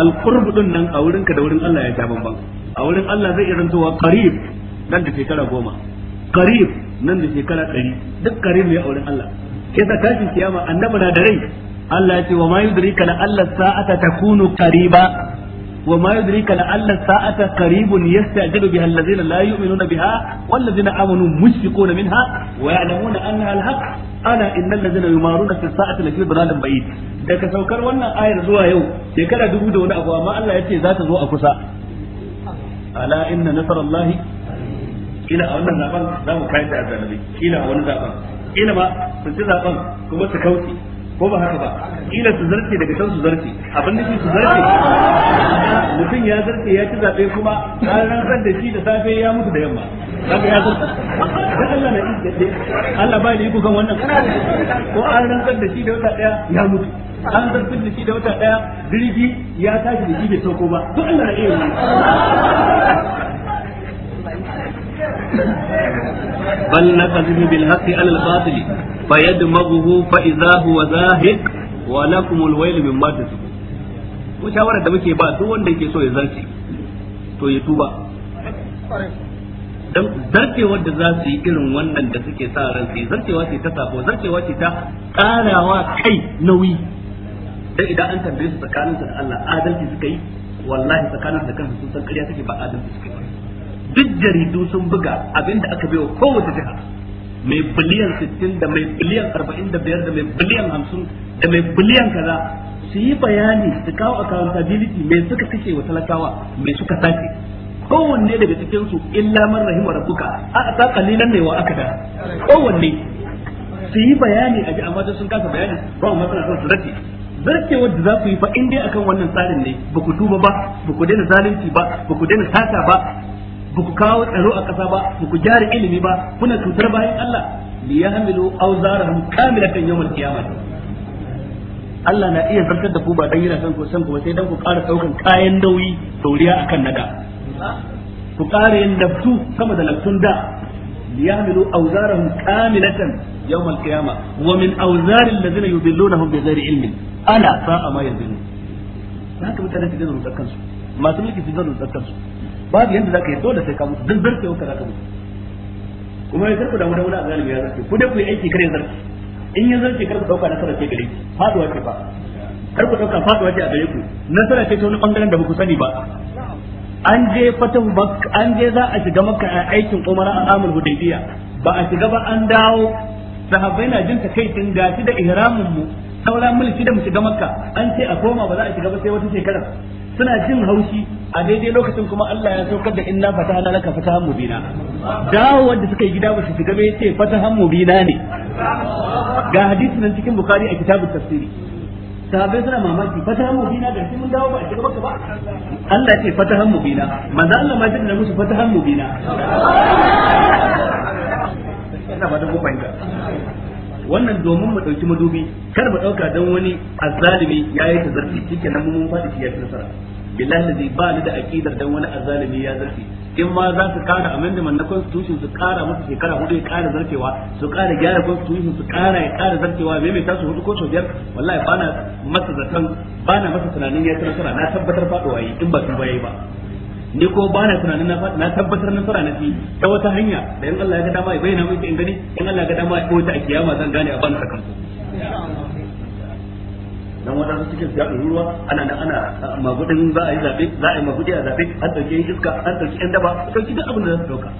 alqurb din nan a wurinka da wurin Allah ya ta banban a wurin Allah zai irin zuwa qarib nan da shekara goma qarib nan da shekara ɗari duk qarib ne a wurin Allah sai ta tashin kiyama annabi na da rai Allah ya ce wa ma yudrika la alla sa'ata takunu qariba wa ma yudrika la alla sa'ata qaribun yastajilu biha alladhina la yu'minuna biha wal ladhina amanu mushfiquna minha wa ya'lamuna annaha al-haq ala innal ladhina yumaruna fi sa'ati la fi dhalalin ba'id daga saukar wannan ayar zuwa yau shekara dubu da wani abu amma Allah ya ce za ta zo a kusa ala inna nasarallahi kila a wannan zaben za mu kai da zanabi kila a wani zaben kila ma su ci zaben kuma su kauce ko ba haka ba kila su zarce daga can su zarce abin da su zarce mutum ya zarce ya ci zaɓe kuma an san da shi da safe ya mutu da yamma kaga ya zarce da Allah na izzace Allah ba ni iko kan wannan ko an rantsar da shi da wata daya ya mutu an zartar da shi da wata daya jirgi ya tashi da shi bai sauko ba to Allah na iya بل نقذف بالحق Alal الباطل fayadmaghu fa idza huwa zahiq wa lakum alwayl mimma tasifun ko shawara da muke ba duk wanda yake so ya zarce to ya tuba dan da za su yi irin wannan da suke sa ran su zarcewa ce ta sako zarce ce ta karawa kai nauyi dan idan an tambaye su tsakanin da Allah adalci suka yi wallahi tsakanin da kansu sun san karya take ba adalci suka yi duk jaridu sun buga abinda aka bai wa kowace jiha mai biliyan 60 da mai biliyan 45 da mai biliyan 50 da mai biliyan kaza su yi bayani su kawo accountability mai suka kace wa talakawa mai suka sace kowanne daga cikin su illa man rahima rabbuka a ta kalilan ne wa aka da kowanne su yi bayani a amma sun kasa bayani ba mu matsala su rage zarkewar wanda za ku yi fa in dai akan wannan tsarin ne ba ku tuba ba ba ku daina zalunci ba ba ku daina sata ba ba ku kawo tsaro a ƙasa ba ba ku gyara ilimi ba kuna cutar bayan Allah li yawmal qiyamah Allah na iya zartar da ku ba dan yana son ku san ku sai dan ku ƙara daukan kayan nauyi dauriya akan nada ku ƙara yin sama da laftun da li yahmilu awzarahum kamilatan yawmal qiyamah wa min awzaril ladzina yudillunahum bighairi ilmin ala sa'a ma yadillun haka mutane su gano kansu masu mulki su kansu babu yanda ka yi dole sai ka mutu duk zarfe ka mutu kuma ya karku da wani wani a galibi ya zarfe ku dai ku yi aiki kare zarfe in yi zarfe karku dauka nasara ce gare ki faduwa ce ba karku dauka faduwa ce a gare ku nasara ce ta wani bangaren da ba ku sani ba an je fatan an je za a shiga maka a aikin umara a amul hudaybiya ba a shiga ba an dawo sahabbai na jin takaicin gashi da ihramin mu saura mulki da mu shiga makka an ce a koma ba za a shiga ba sai wata shekara suna jin haushi a daidai lokacin kuma Allah ya saukar da inna fatahna laka fatahan mubina dawo wanda suka yi gida ba su shiga ba yace fatahan mubina ne ga hadisi nan cikin bukhari a kitabut tafsiri sahabbai suna mamaki fatahan mubina da mun dawo ba a shiga maka ba Allah ce fatahan mubina manzo Allah ma ya musu fatahan mubina ina ba da ku fahimta wannan domin mu dauki madubi kar mu dauka dan wani azzalimi yayi tazarfi cikin nan mun fadi ya nasara billahi da ba ni da aqidar dan wani azzalimi ya zarfi in ma za su kara amendment na constitution su kara musu shekara hudu ya kara zarfewa su kara gyara constitution su kara ya kara zarfewa bai mai tasu hudu ko sau biyar wallahi bana masa zaton bana masa tunanin ya tsara na tabbatar faɗo yi in ba su bayi ba ni ko ba na tunanin na tabbatar na tsara nafi ta wata hanya da yan Allah ya ga dama ya bayyana mai in gani yan Allah ya ga dama ya kowace a kiyama zan gane a ban sakamako dan su cikin ya ɗori ruwa ana nan ana magudin za a yi zaɓe za a yi magudi a zaɓe har ɗauki yin iska har ɗauki yan daba ɗauki duk abin da za su dauka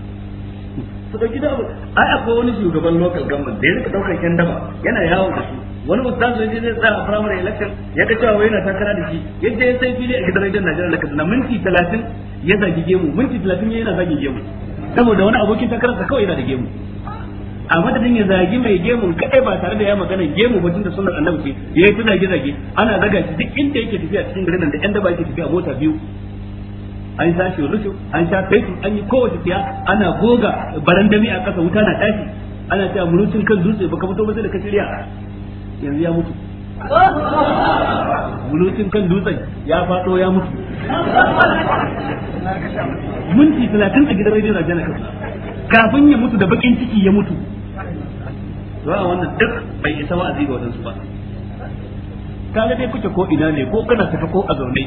su ɗauki duk abin ai akwai wani shugaban local government da ya rika ɗaukar yan daba yana yawon da su wani mutum zai je zai tsaya a primary election ya ga cewa yana takara da shi yadda ya sai fili a gidan rajin Najeriya na minti talatin ya zagi gemu minti talatin yana zagi gemu saboda wani abokin takararsa kawai yana da gemu a madadin ya zagi mai gemu kadai ba tare da ya magana gemu ba tunda sunan annabi ce yi tuna zage ana zaga shi duk inda yake tafiya cikin garin nan da yan daba yake tafiya mota biyu an sha shi rufe an sha fesu an yi kowace tiya ana goga barandami a kasa wuta na tashi ana cewa mulucin kan dutse baka fito ba sai da kashiriya yanzu ya mutu bulutun kan dutsen ya fado ya mutu minti talatin a gidan rediyon rajana kasu kafin ya mutu da bakin ciki ya mutu to a wannan duk bai isa wa'azi ga wadansu ba ga dai kuke ko ina ne ko kana tafi ko a zaune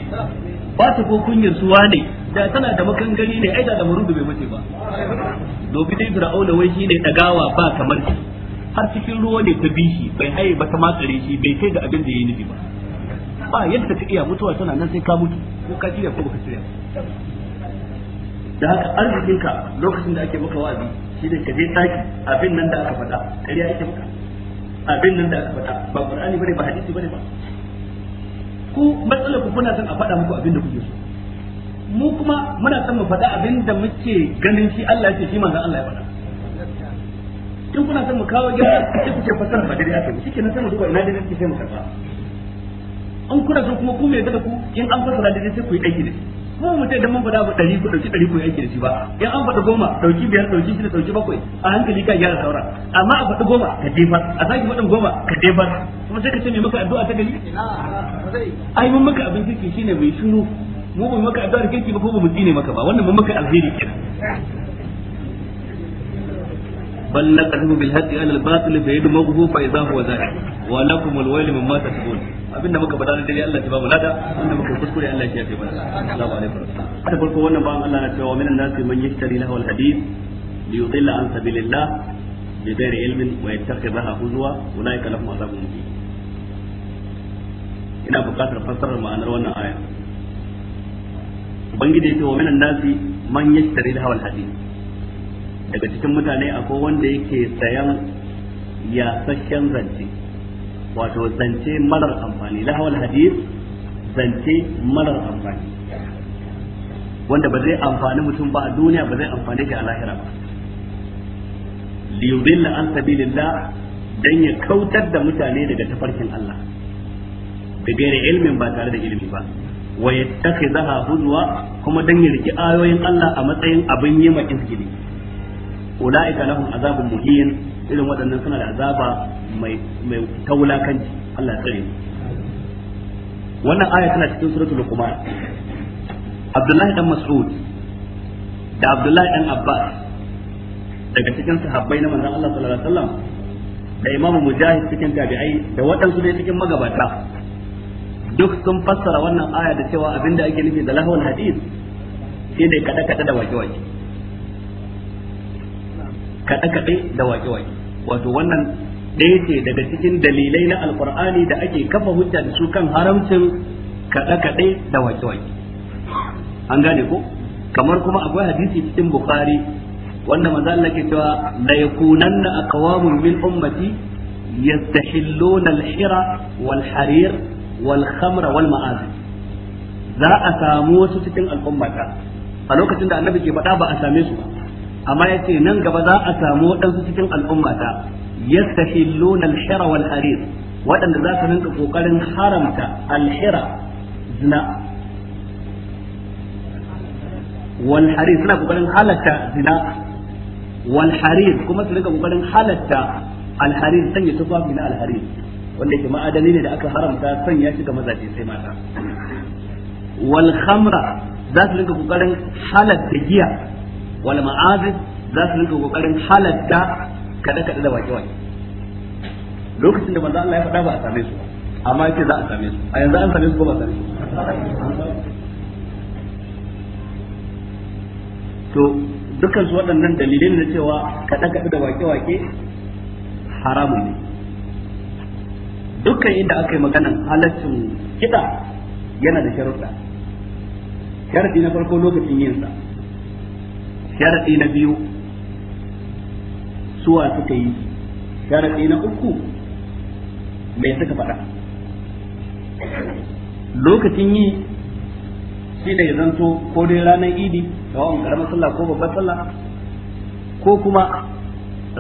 ba ta ko kunyar suwa ne da tana da makangari ne ai da da marudu bai mace ba dobi dai fir'auna wai shine dagawa ba kamar shi har cikin ruwa ne ta bishi bai haye ba ta matsare shi bai kai da abin da yayi nufi ba ba yadda ka iya mutuwa tana nan sai ka mutu ko ka iya ko baka tsaya da haka arzikin ka lokacin da ake maka wazi shi ne ka je tsaki abin nan da aka faɗa kariya ake maka abin nan da aka faɗa ba qur'ani bane ba hadisi bane ba ku matsalar ku kuna son a faɗa muku abin da kuke so mu kuma muna son mu faɗa abin da muke ganin shi Allah ya ce shi manzon Allah ya faɗa in kuna son mu kawo gyara sai ku ce ba daidai shikenan sai mu duba ina daidai sai mu karba an kuna son kuma ku me da ku in an fassara daidai sai ku yi aiki da shi ko mu ce dan mun faɗa ba ɗari ku ɗauki ɗari ku yi aiki da shi ba in an faɗa goma ɗauki biyar ɗauki shida ɗauki bakwai a hankali ka gyara saura amma a faɗa goma ka jefar a sake faɗin goma ka jefar kuma sai ka ce me maka addu'a ta gari ai mun maka abin kirki shine mai shiru mu ba maka addu'a kirki ba ko ba mu dine maka ba wannan mun maka alheri kenan بل نقذف بالحق على الباطل فيدمغه فإذا هو زاهق ولكم الويل مما تكسبون abinda muka faɗa da dai Allah ya ba mu lada muka kuskure Allah ya mana assalamu alaikum farko wannan Allah na cewa minan man yashtari lahu alhadith li yudilla an sabilillah bi ghairi ilmin wa yattakhidha huzwa ulaika lahum adhabun mubin ina buƙatar fassarar ma'anar wannan aya ce wa minan man yashtari lahu alhadith daga cikin mutane akwai wanda yake sayan yasasshen zance wato zance marar amfani lahawal hadis zance marar amfani wanda ba zai amfani mutum ba a duniya ba zai amfani shi a lahira ba liyudilla an sabilillah dan ya kautar da mutane daga tafarkin Allah da gaira ilmin ba tare da ilimi ba wa yattakhidha huzwa kuma dan ya riki ayoyin Allah a matsayin abin yi yima izgili ulaika lahum azabun muhin irin waɗannan suna da azaba mai mai taulakanci Allah tsare wannan aya tana cikin suratul luqman Abdullahi dan Mas'ud da Abdullahi dan Abbas daga cikin sahabbai na manzon Allah sallallahu alaihi wasallam da Imam Mujahid cikin tabi'ai da waɗansu dai cikin magabata duk sun fassara wannan aya da cewa abinda ake nufi da lahawul hadis shine kada kada da wake wake kaɗe-kaɗe da waƙe-waƙe wato wannan ɗaya ce daga cikin dalilai na alkur'ani da ake kafa hujja da su kan haramcin kaɗe-kaɗe da waƙe-waƙe an gane ko kamar kuma akwai hadisi cikin bukhari wanda manzo Allah ke cewa la yakunanna aqwamun min ummati yastahilluna al-hira wal harir wal khamra wal ma'azi. za a samu wasu cikin al'ummata a lokacin da annabi ke faɗa ba a same su ba amma yace nan gaba za a samu waɗansu cikin al'ummata yastahilluna al-hira wal harir waɗanda za su rinka ƙoƙarin haramta al zina wal harir suna ƙoƙarin halatta zina wal harir kuma su rinka kokarin halatta al harir sanya tufafi na al wanda yake ma'adani ne da aka haramta sanya shi ga mazaje sai mata wal khamra za su rinka ƙoƙarin halatta giya wal ma'azif za su rinka kokarin halatta kada kada da wake wake lokacin da manzo Allah ya faɗa ba a same su amma yake za a same su a yanzu an same su ko ba same su to dukkan su waɗannan dalilai na cewa kada kada da wake wake haramun ne dukkan inda aka yi maganan halaccin kiɗa yana da sharuɗa sharadi na farko lokacin yin sa. sharadi na biyu suwa suka yi sharadi na uku me suka faɗa lokacin yi shi da ya zanto ko dai ranar idi da wa'an ƙaramar sallah ko babbar sallah ko kuma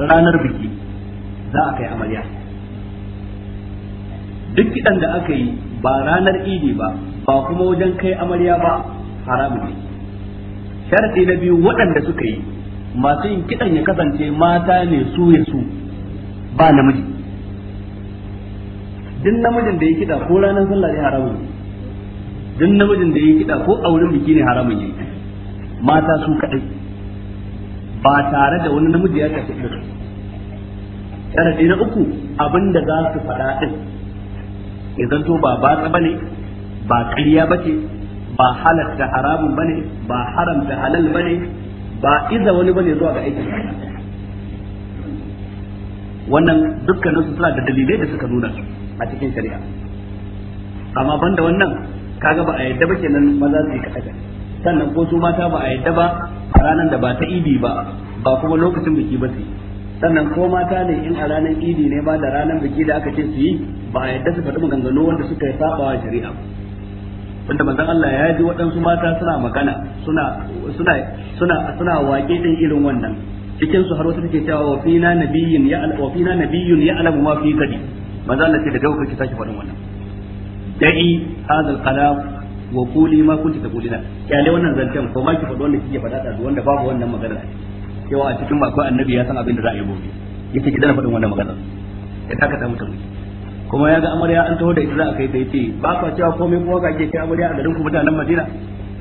ranar biki za a kai amarya duk kiɗan da aka yi ba ranar idi ba ba kuma wajen kai amarya ba haramun ne sharadi na biyu waɗanda suka yi masu yin kiɗan ya kasance mata ne su ya su ba namiji duk namijin da ya kiɗa ko ranar sallah ne haramun ne duk namijin da ya kiɗa ko a wurin biki ne haramun yi mata su kaɗai ba tare da wani namiji ya tafi da su sharadi na uku abinda za su faɗa din ya zanto ba ba ne ba ƙarya ce. ba halatta haramun bane ba haramta halal bane ba iza wani bane zuwa ga aikin wannan dukkanin su suna da dalilai da suka nuna a cikin shari'a amma banda wannan kaga ba a yadda ba kenan maza su yi kaɗa sannan ko su mata ba a yadda ba a ranar da ba ta idi ba ba kuma lokacin biki ba su sannan ko mata ne in a ranar idi ne ba da ranar biki da aka ce su yi ba a yadda su faɗi maganganu wanda suka yi sabawa shari'a wanda manzon Allah ya ji waɗansu mata suna magana suna suna suna suna waƙe din irin wannan cikin su har wata take cewa wa fina nabiyyin ya wa fina nabiyyun ya alamu ma fi kadi manzon Allah ce da dauka ki saki faɗin wannan da'i hadal kalam wa quli ma kunti taqulina kyale wannan zancen ko ma ki faɗo wanda kike faɗa da wanda babu wannan magana cewa a cikin ba ko annabi ya san abin da za a yi gobe yake kidan faɗin wannan magana ya taka ta mutum kuma ya ga amarya an taho da ita za a kai ta yace ba ka cewa komai kuma ka ke kai amarya a garin ku mutanen Madina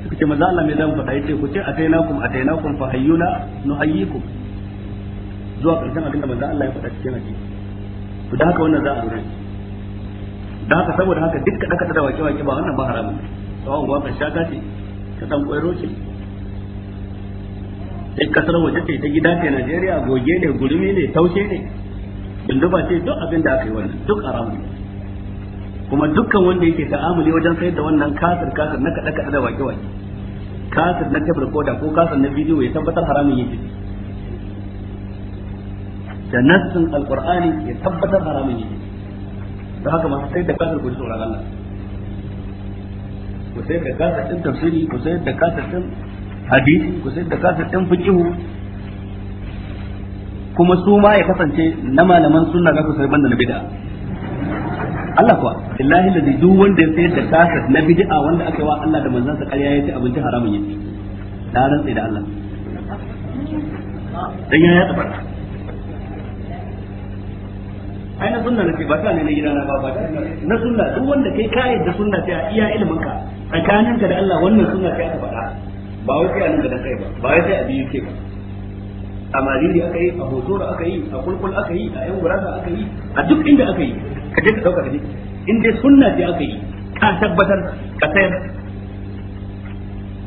suka ce manzo Allah mai zan faɗa yace ku ce atainakum kum fa hayyuna nuhayyikum zuwa karshen abinda da manzo Allah ya faɗa cikin hadisi to da haka wannan za a lura da haka saboda haka duk kada ka tada wake wake ba wannan ba haramun tsawon wakan shaka ce ka dan koyro ce sai kasar waje ce ta gida ce Najeriya goge ne gurmi ne taushe ne tunduba ce duk abin da aka yi wannan duk haramun kuma dukkan wanda yake ta'amuli wajen sayar da wannan kasar kasar na kaɗa kaɗa da wake wake kasar na tabar koda ko kasar na bidiyo ya tabbatar haramun yake da nassin alqur'ani ya tabbatar haramun yake da haka masu sayar da kasar ku tsoron Allah ku sayar da kasar ɗin tafsiri ku sayar da kasar ɗin hadisi ku sayar da kasar ɗin fiqhu kuma su ma ya kasance na malaman sunna za su sai banda na bid'a Allah kuwa billahi ladhi duk wanda ya sayar da kasat na bid'a wanda aka wa Allah da manzon sa ƙarya yace abinci haramun yace da rantsi da Allah dan ya ya tabbata ai sunna ne ba ta ne na gidana ba ba na sunna duk wanda kai ka yadda sunna ta iya ilimin ka tsakaninka da Allah wannan sunna ta ka faɗa ba wai sai a nan da kai ba ba wai sai a biyu kai ba a mariri aka yi a hotoro aka yi a kulkul aka yi a yan gurasa aka yi a duk inda aka yi ka je ka dauka ka in dai sunna ce aka yi ka tabbatar ka sayar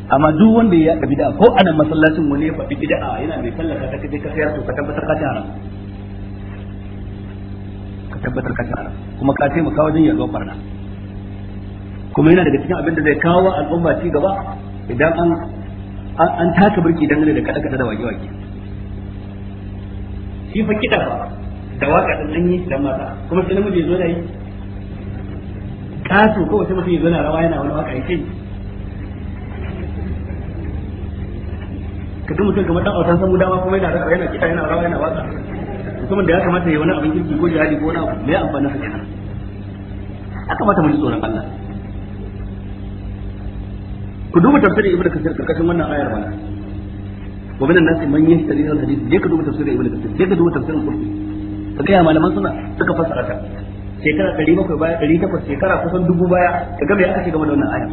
amma duk wanda ya yaka bid'a ko anan masallacin wani ya faɗi bid'a yana mai tallata ta kaje ka sayar to ka tabbatar ka ci haram ka tabbatar ka ci haram kuma ka taimaka wajen yaduwar barna kuma yana daga cikin abin da zai kawo al'umma ci gaba idan an an taka birki dangane da kada kada da wage wage shi fa ba da waka din an yi dan mata kuma sai namiji ya zo da yi kasu ko wace mutum ya zo na rawa yana wani waka yake ka ga mutum kamar dan autan san dama kuma yana rawa yana kida yana rawa yana waka mutumin da ya kamata ya wani abin kirki ko jihadi ko wani abu me amfani sa kenan ya kamata mu ji tsoron Allah ku duba tafsirin ibnu kasir karkashin wannan ayar mana wa minan nasi man yashtari al hadith je ka duba tafsirin ibnu kasir je ka duba tafsirin qurtubi kaga ya malaman suna suka fassara ta shekara 700 baya 800 shekara kusan dubu baya kaga me aka ce game da wannan aya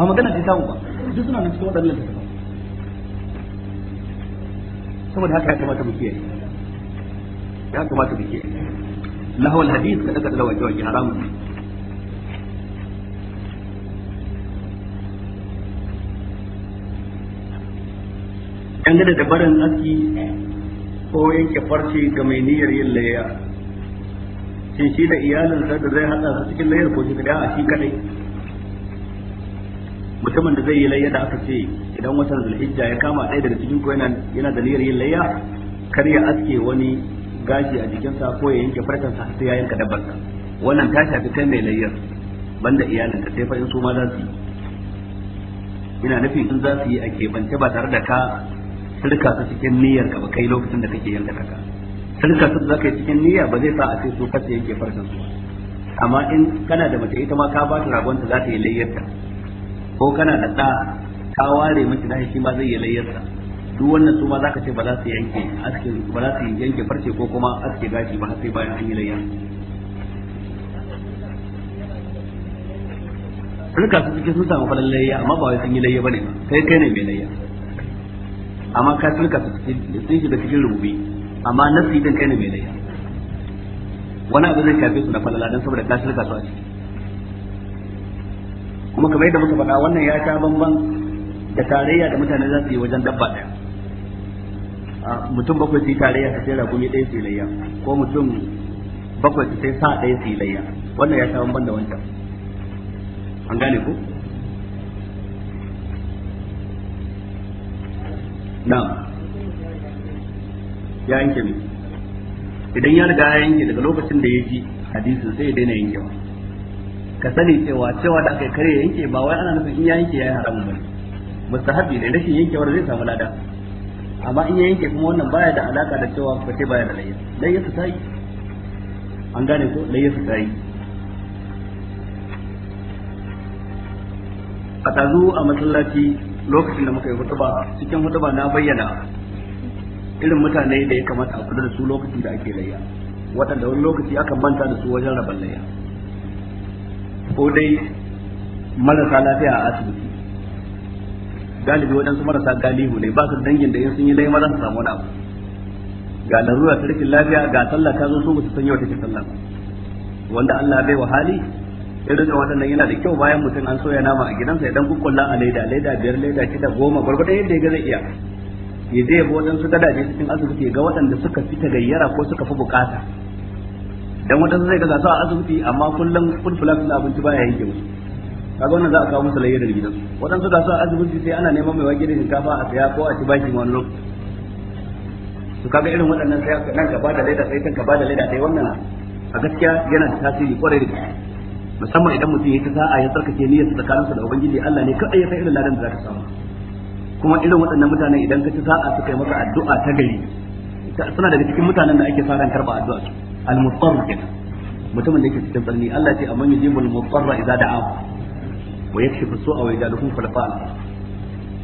ba magana ce samu ba duk suna nan cikin wadannan tafsirin saboda haka ya kamata mu kiyaye ya kamata mu kiyaye lahawal hadith kada ka dawo wajen haramun dangane da barin aski ko yanke farce ga mai niyyar yin layya shin shi da iyalinsa da zai hada su cikin layyar ko shi da a shi kadai mutumin da zai yi layya da aka ce idan watan zulhijja ya kama ɗaya daga cikin ko yana da niyyar yin layya kar ya aske wani gashi a jikinsa ko ya yanke sa sai ya yanka dabbarsa wannan ta shafi kai mai layyar banda iyalinka sai fa in su ma za su yi ina nufin in za su yi a keɓance ba tare da ka sirka su cikin niyyar ka ba kai lokacin da kake yanka kaka sirka su zaka yi cikin niyya ba zai sa a ce su kace yake farkan su amma in kana da mace ita ma ka ba ta rabon ta za ta yi layyarta ko kana da ɗa ka ware miki na shi ma zai yi layyarta duk wannan su ma zaka ce ba za su yanke aske ba za su yanke farce ko kuma aske gashi ba sai bayan an yi layya sirka su cikin sun samu falon layya amma ba wai sun yi layya bane sai kai ne mai layya amma ka su tilka sun shiga cikin rububi amma nafsi din kai ne mai laifi wani abu zai shafe su na falala don saboda ka tilka su a ciki kuma kamar yadda muka faɗa wannan ya ta bamban da tarayya da mutane za su yi wajen dabba ɗaya mutum bakwai su yi tarayya su sai ragumi ɗaya su layya ko mutum bakwai su sai sa ɗaya su layya wannan ya ta bamban da wancan an gane ku na'am ya yanke idan ya riga ya yanke daga lokacin da ya ji hadisin sai ya daina wa. ka sani cewa cewa da aka yi kare yanke ba wai ana nufin in ya yanke ya yi haramun ba Musta mustahabi ne rashin yankewar zai samu lada amma in ya yanke kuma wannan baya da alaka da cewa ba sai baya da layi. layya su tayi an gane ko layya su tayi a tazu a masallaci lokacin da muka yi hutuba cikin hutuba na bayyana irin mutane da ya kamata a kula da su lokacin da ake layya waɗanda wani lokaci aka manta da su wajen rabon layya ko dai marasa lafiya a asibiti galibi waɗansu marasa galihu ne ba su dangin da yin sun yi layya ma su samu wani abu ga larura ta rikin lafiya ga sallah ta zo su ba su sanya wata take sallah wanda Allah bai wa hali irin waɗannan yana da kyau bayan mutum an soya nama a gidansa ya dan kukkulla a leda leda biyar leda shida goma gwargwadon yadda ya ga zai iya ya je yabo waɗansu gadaje cikin asibiti ga waɗanda suka fi gayyara ko suka fi bukata dan waɗansu zai ga zasu a asibiti amma kullum fulfula na abinci baya yanke musu kaga wannan za a kawo musu layyar gidansu waɗansu ga a asibiti sai ana neman mai wakilin da shinkafa a saya ko a ci bashi wani lokaci su kaga irin waɗannan sai nan ka bada leda sai kan ka bada leda sai wannan a gaskiya yana da tasiri kwarai da gaske musamman idan mutum ya ta sa'a ya tsarkake niyyar tsakaninsa da ubangiji Allah ne kai ya san irin ladan da zaka samu kuma irin waɗannan mutanen idan ka ci sa'a suka yi maka addu'a ta gari suna daga cikin mutanen da ake sa ran karba addu'a su al-mutarr mutumin da yake cikin tsarni Allah ya ce amman yujibul mutarra idza da'a wa yakshifu su'a wa yajalukum khulafa'a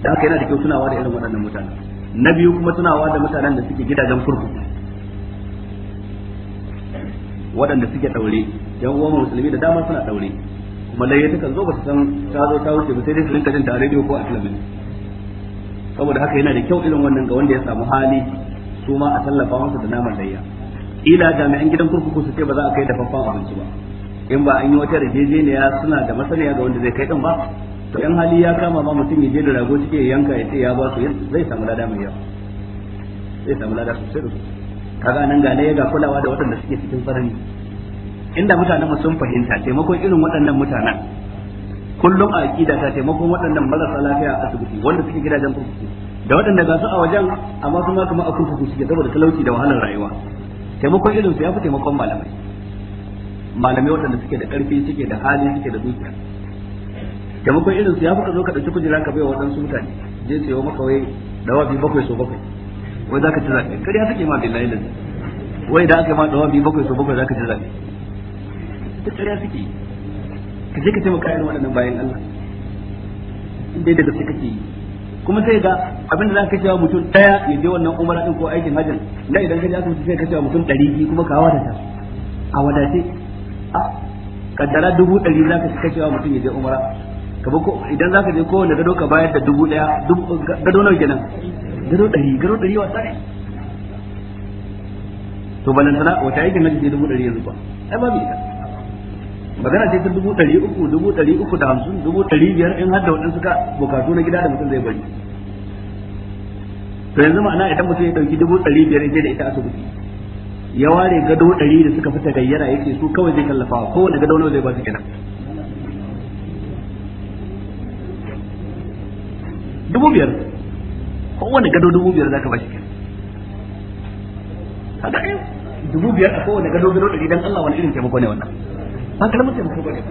da kai na da kyau tunawa da irin waɗannan mutanen na biyu kuma tunawa da mutanen da suke gidajen kurkuku waɗanda suke ɗaure yan uwan musulmi da dama suna daure kuma dai ta kan zo ba san ta zo ta wuce ba sai dai su rinka jin ta a rediyo ko a talabijin saboda haka yana da kyau irin wannan ga wanda ya samu hali su ma a tallafa masa da naman layya ila jami'an gidan kurkuku su ce ba za a kai a abinci ba in ba an yi wata yarjejeniya suna da masaniya ga wanda zai kai din ba to yan hali ya kama ma mutum ya je da rago cike ya yanka ya ce ya ba su zai samu lada mai yawa zai samu lada sosai da sosai kaga nan ga ne ga kulawa da waɗanda suke cikin tsanani inda mutanen mu sun fahimta taimakon irin waɗannan mutanen kullum a aqida ta taimakon waɗannan marasa lafiya a asibiti wanda suke gidajen kurkuku da waɗanda ga su a wajen amma su ma kamar a kurkuku suke saboda talauci da wahalar rayuwa taimakon irin su ya fi taimakon malamai malamai waɗanda suke da ƙarfi suke da hali suke da dukiya taimakon irin su ya fi ka zo ka ɗauki kujera ka bai wa waɗansu mutane je sayo maka wai dawabi bakwai so bakwai wai za ka ci zaɓe kariya take ma billahi da wai da aka ma dawabi bakwai so bakwai za ka ci zaɓe duk ƙarya suke ka je ka taimaka irin waɗannan bayan Allah dai da gaske kake yi kuma sai ga abin da za ka cewa mutum ɗaya ya je wannan umara din ko aikin hajjin na idan ka je asibiti sai ka cewa mutum ɗari biyu kuma ka wadata a wadace a kaddara dubu ɗari za ka cewa mutum ya je umara ka ba idan za ka je ko wanda gado ka bayar da dubu ɗaya gado nawa kenan gado ɗari gado ɗari wa tsare to balantana wata aikin hajji dubu ɗari yanzu ba ai babu ita magana ce ta dubu ɗari uku dubu ɗari uku da hamsin dubu ɗari biyar in har da waɗansu ka bukatu na gida da mutum zai bari to yanzu ma'ana idan mutum ya ɗauki dubu ɗari biyar je da ita asibiti ya ware gado ɗari da suka fita gayyara yake su kawai zai tallafa wani gado nawa zai ba su kenan dubu biyar wani gado dubu biyar za ka ba shi kenan haka dubu biyar a kowane gado gado ɗari dan Allah wani irin taimako ne wannan ba karamin taimako bane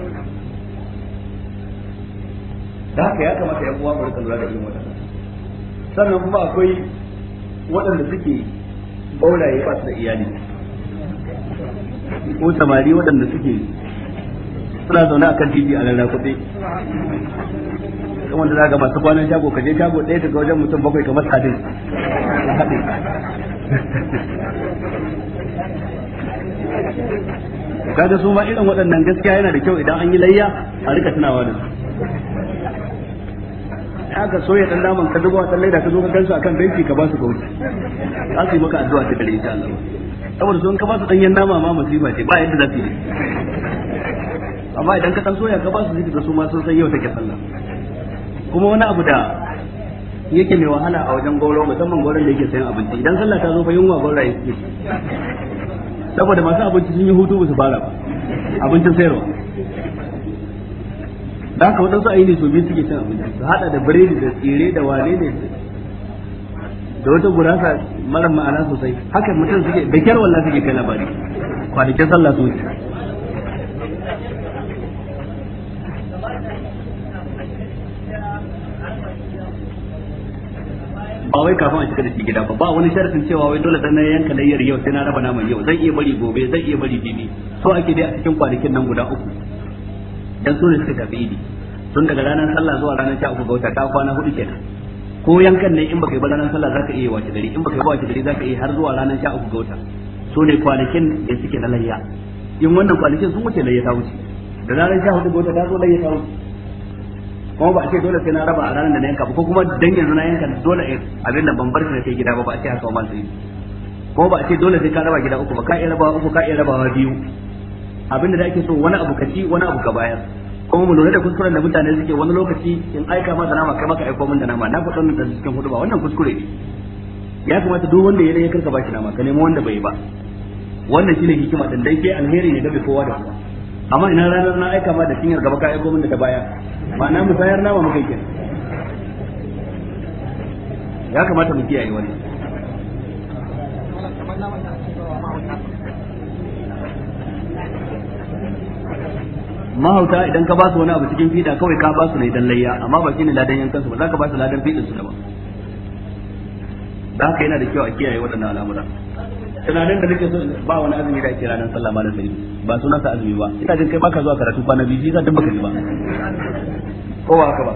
da haka ya kamata yan uwa mu lura da irin wannan sannan kuma akwai waɗanda suke bauraye ba su da iyali ko samari waɗanda suke suna zaune a kan titi a lalakuɗe wanda za ka masu kwanan shago ka je shago ɗaya daga wajen mutum bakwai kamar sadin haɗe kaga su ma irin waɗannan gaskiya yana da kyau idan an yi layya a rika tunawa da su haka soya dan naman ka zuba dan laida ka zo ka gansu akan banki ka ba su kauci za su yi maka addu'a ta dare insha Allah saboda sun ka ba su danyen nama ma ba ce ba yadda za su yi amma idan ka ɗan soya ka ba su zikir su ma sun san yau take sallah kuma wani abu da yake mai wahala a wajen gauro musamman gauron da yake sayan abinci idan sallah ta zo fa yunwa goraye suke saboda masu abinci sun yi hutu ba su fara ba abincin sayarwa da haka waɗansu a yi ne su biyu suke cin abinci su haɗa da biredi da tsire da wane ne da wata gurasa mara ma'ana sosai haka mutum suke da kyar wallah suke kai labari kwanakin sallah su wuce ba wai kafin a shiga da shi gida ba ba wani sharafin cewa wai dole sai na yanka layyar yau sai na raba naman yau zan iya bari gobe zan iya bari bibi so ake dai a cikin kwanakin nan guda uku dan so ne suka tafi idi tun daga ranar sallah zuwa ranar sha uku ga wata ta kwana hudu kenan ko yankan ne in baka yi ba ranar sallah zaka iya wace gari in baka yi ba wace gari zaka iya har zuwa ranar sha uku ga wata so ne kwanakin da suke na layya in wannan kwanakin sun wuce layya ta wuce da ranar sha hudu ga wata ta zo layya ta wuce kuma ba a ce dole sai na raba a ranar da na yanka ba ko kuma dan yanzu na yanka dole abin da ban bar shi sai gida ba ba a ce haka ba sai ko ba a ce dole sai ka raba gida uku ba ka iya rabawa uku ka iya rabawa biyu abinda da ake so wani abu ka ci wani abu ka bayar kuma mu lura da kuskuren da mutane suke wani lokaci in aika ma da nama kai maka aiko min da nama na ku dan da cikin hudu ba wannan kuskure ne ya kamata duk wanda ya karka ba shi nama ka nemo wanda bai ba wannan shine hikima din dai ke alheri ne ga kowa da kowa amma ina ranar na aika ma da cinyar gaba ka aiko min da baya ma'ana sayar nama muka yi ya kamata mu kiyaye wani mahauta idan ka ba su wani abu cikin fida kawai ka ba su ne dan layya amma ba shine ladan yankansu ba za ka ba su ladan fidin su da ba da haka yana da kyau a kiyaye waɗannan al'amuran tunanin da nake so ba wani azumi da ake ranar sallah malam sai ba sunan sa azumi ba ina jin kai baka zuwa karatu kwana biyu zan dan baka ji ba ko ba haka ba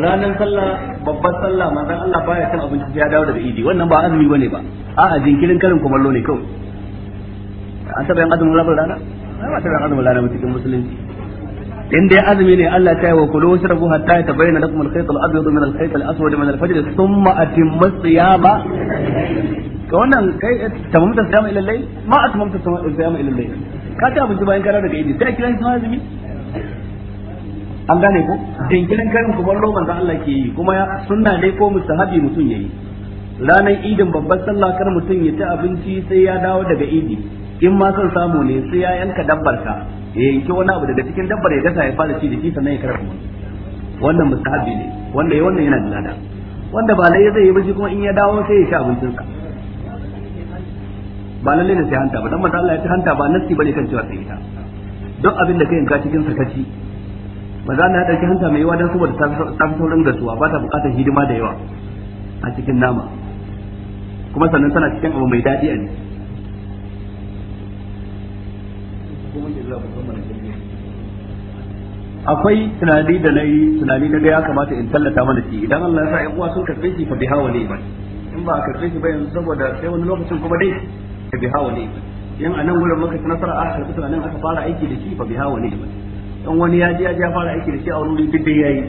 ranar sallah babbar sallah manzon Allah baya cin abinci ya dawo daga idi wannan ba azumi bane ba a'a jinkirin karin kumallo ne kawai an taɓa yin azumin rabar rana ai ba taɓa yin azumin rana ba cikin musulunci in dai azumi ne Allah ta yi wa kulu washrabu hatta yatabayyana lakum al-khayt al-abyad min al-khayt al-aswad min al-fajr thumma atimmu siyama ka wannan kai eh, tamamta sama ila lai ma tamamta sama ila lai ka ta abinci bayan kara daga idi sai kira shi zumi an gane ko dinkirin karin kumallo da Allah ke yi kuma sunna dai ko musahabi mutum yayi ranar idin babban sallah kar mutum ya ta abinci sai ya dawo daga idi in ma son samu ne sai ya yanka dabbar ka ya yanki wani abu daga cikin dabbar ya gasa ya fara ci da shi sannan ya kuma wannan musahabi ne wanda ya wannan yana da lada wanda ba lai zai yi ba shi kuma in ya dawo sai ya ci ka. ba lalle ne sai hanta ba dan manzo Allah ya ce hanta ba nassi bane kan cewa sai ita duk abin da kai in ka cikin sakaci manzo Allah ya dauki hanta mai yawa dan saboda ta fi saurin gasuwa ba ta bukatar hidima da yawa a cikin nama kuma sannan tana cikin abu mai daɗi a jiki akwai tunani da nayi tunani na ga ya kamata in tallata mana shi idan Allah ya sa ƴan uwa sun karbe shi fa biha wa ni'mat in ba karbe shi ba yanzu saboda sai wani lokacin kuma dai Yan biha wa ni'mat in anan gurin maka ci nasara a karbi anan aka fara aiki da shi fa biha wa ni'mat in wani ya je ya fara aiki da shi a wani wuri duk yayi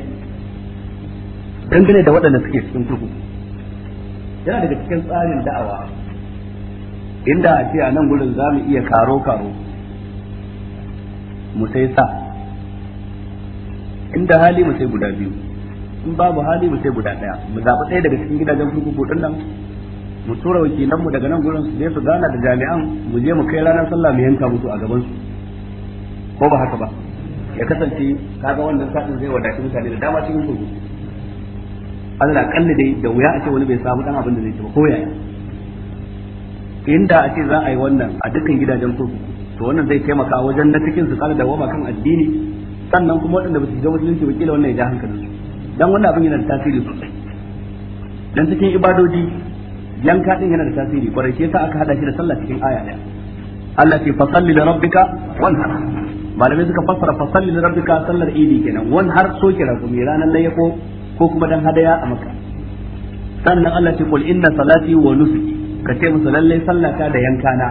dangane da waɗanda suke cikin duhu yana daga cikin tsarin da'awa inda a ce a nan gurin za mu iya karo karo mu sai sa inda hali mu sai guda biyu in babu hali mu sai guda ɗaya mu zaɓi ɗaya daga cikin gidajen kurkuku ɗin nan mu tura wakilan mu daga nan gurin su je su gana da jami'an mu je mu kai ranar sallah mu yanka musu a gaban su ko ba haka ba ya kasance kaga wannan sadin zai wadaci mutane da dama cikin su Allah kalle dai da wuya a ce wani bai samu dan abin da zai ci ba ko yaya inda a ce za a yi wannan a dukkan gidajen kurkuku to wannan zai taimaka wajen na cikin su da wama kan addini sannan kuma waɗanda ba su ga musulunci wakilan wannan ya ja hankalin su dan wannan abin yana da tasiri sosai dan cikin ibadoji yanka din yana da tasiri kwarai shi yasa aka hada shi da sallah cikin aya daya Allah ce fasalli da rabbika wanhar malamai suka fassara fasalli da rabbika sallar idi kenan wanhar so kira gumi ranar layyako ko kuma dan hadaya a maka sannan Allah ce kul inna salati wa nusuki ka ce musu lalle sallata da yanka na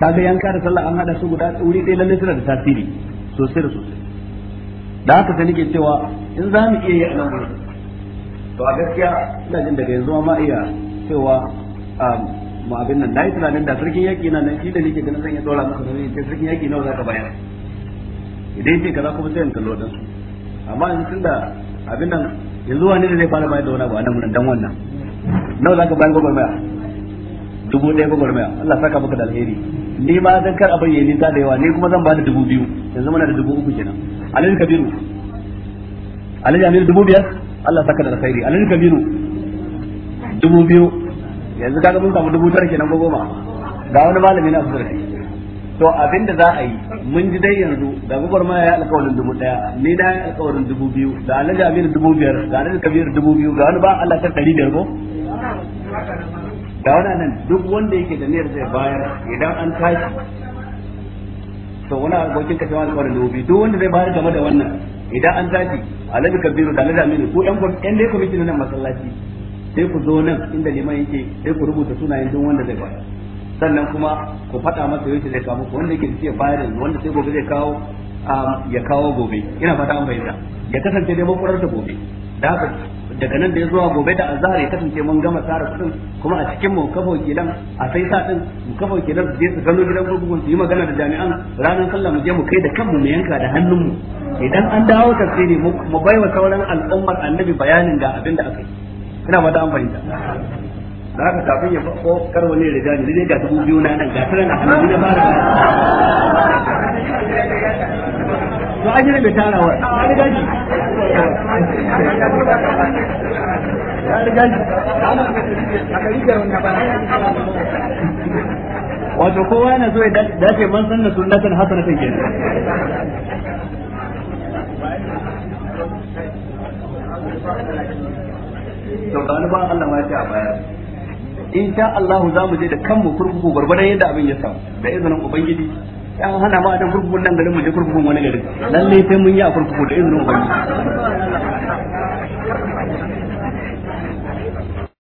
kaga yanka da sallah an hada su guda wuri ɗaya lallai suna da tasiri sosai da sosai da haka sai nake cewa in za mu iya yi a nan to a gaskiya ina jin daga yanzu ma iya cewa Um, ma abin nan nayi tunanin da sarkin yaki na nan shi da nake ganin zan iya dora maka nauyi sai sarkin yaki nawa zaka bayar idan sai kaza kuma sai in kallo dan su amma yanzu tunda abin nan yanzu wani ne zai fara bayar da wani abu a nan dan wannan nawa zaka bayar gwagwarmaya dubu ɗaya gwagwarmaya Allah saka maka da alheri ni ma dan kar a bayyane ta da yawa ni kuma zan bada dubu biyu yanzu muna da dubu uku kenan alhaji kabiru alhaji amir dubu biyar Allah saka da alheri alhaji kabiru dubu biyu yanzu kaga mun samu dubu tara kenan ko goma ga wani malami na abdul rahim to abin da za a yi mun ji dai yanzu da gubar ma ya alƙawarin dubu ɗaya ni da ya alƙawarin dubu biyu da alhaji amir dubu biyar da alhaji kabir dubu biyu ga wani ba Allah ta ɗari biyar ko ga wani nan duk wanda yake da niyyar zai bayar idan an tashi to wani abokin kashe wani alƙawarin dubu biyu duk wanda zai bayar game da wannan idan an tashi alhaji kabiru da alhaji aminu ko yan yan dai kwamitin nan masallaci sai ku zo nan inda liman yake sai ku rubuta sunayen duk wanda zai bayar sannan kuma ku faɗa masa yau zai kawo muku wanda yake ce bayar yanzu wanda sai gobe zai kawo um, ya kawo gobe ina fata an bayyana ya kasance dai makurar da gobe da daga nan da ya zuwa gobe da azhar ya kasance mun gama tsara kudin kuma a cikin mu kafa wakilan a sai sa din mu kafa wakilan su je su gano gidan gurgugun su yi magana da jami'an ranar sallah mu je mu kai da kanmu mu yanka da hannunmu idan an dawo tafsiri mu baiwa sauran al'ummar annabi bayanin ga abin da aka yi ina mata an fahimta da haka kafin ya fako karwa ne da ne zai ga dubu biyu na nan ga tare na hannu da fara to an yi da tara wa an riga ji wato kowa yana zo ya dace man san da sunnatan hasanatan kenan Thank you. to ga ba Allah ma a bayar in sha Allah za mu je da kanmu kurkuku gwargwadon yadda abin ya samu da izinin ubangiji an hana ma adam kurkuku nan garin mu je kurkuku wani garin lalle sai mun yi a kurkuku da izinin ubangiji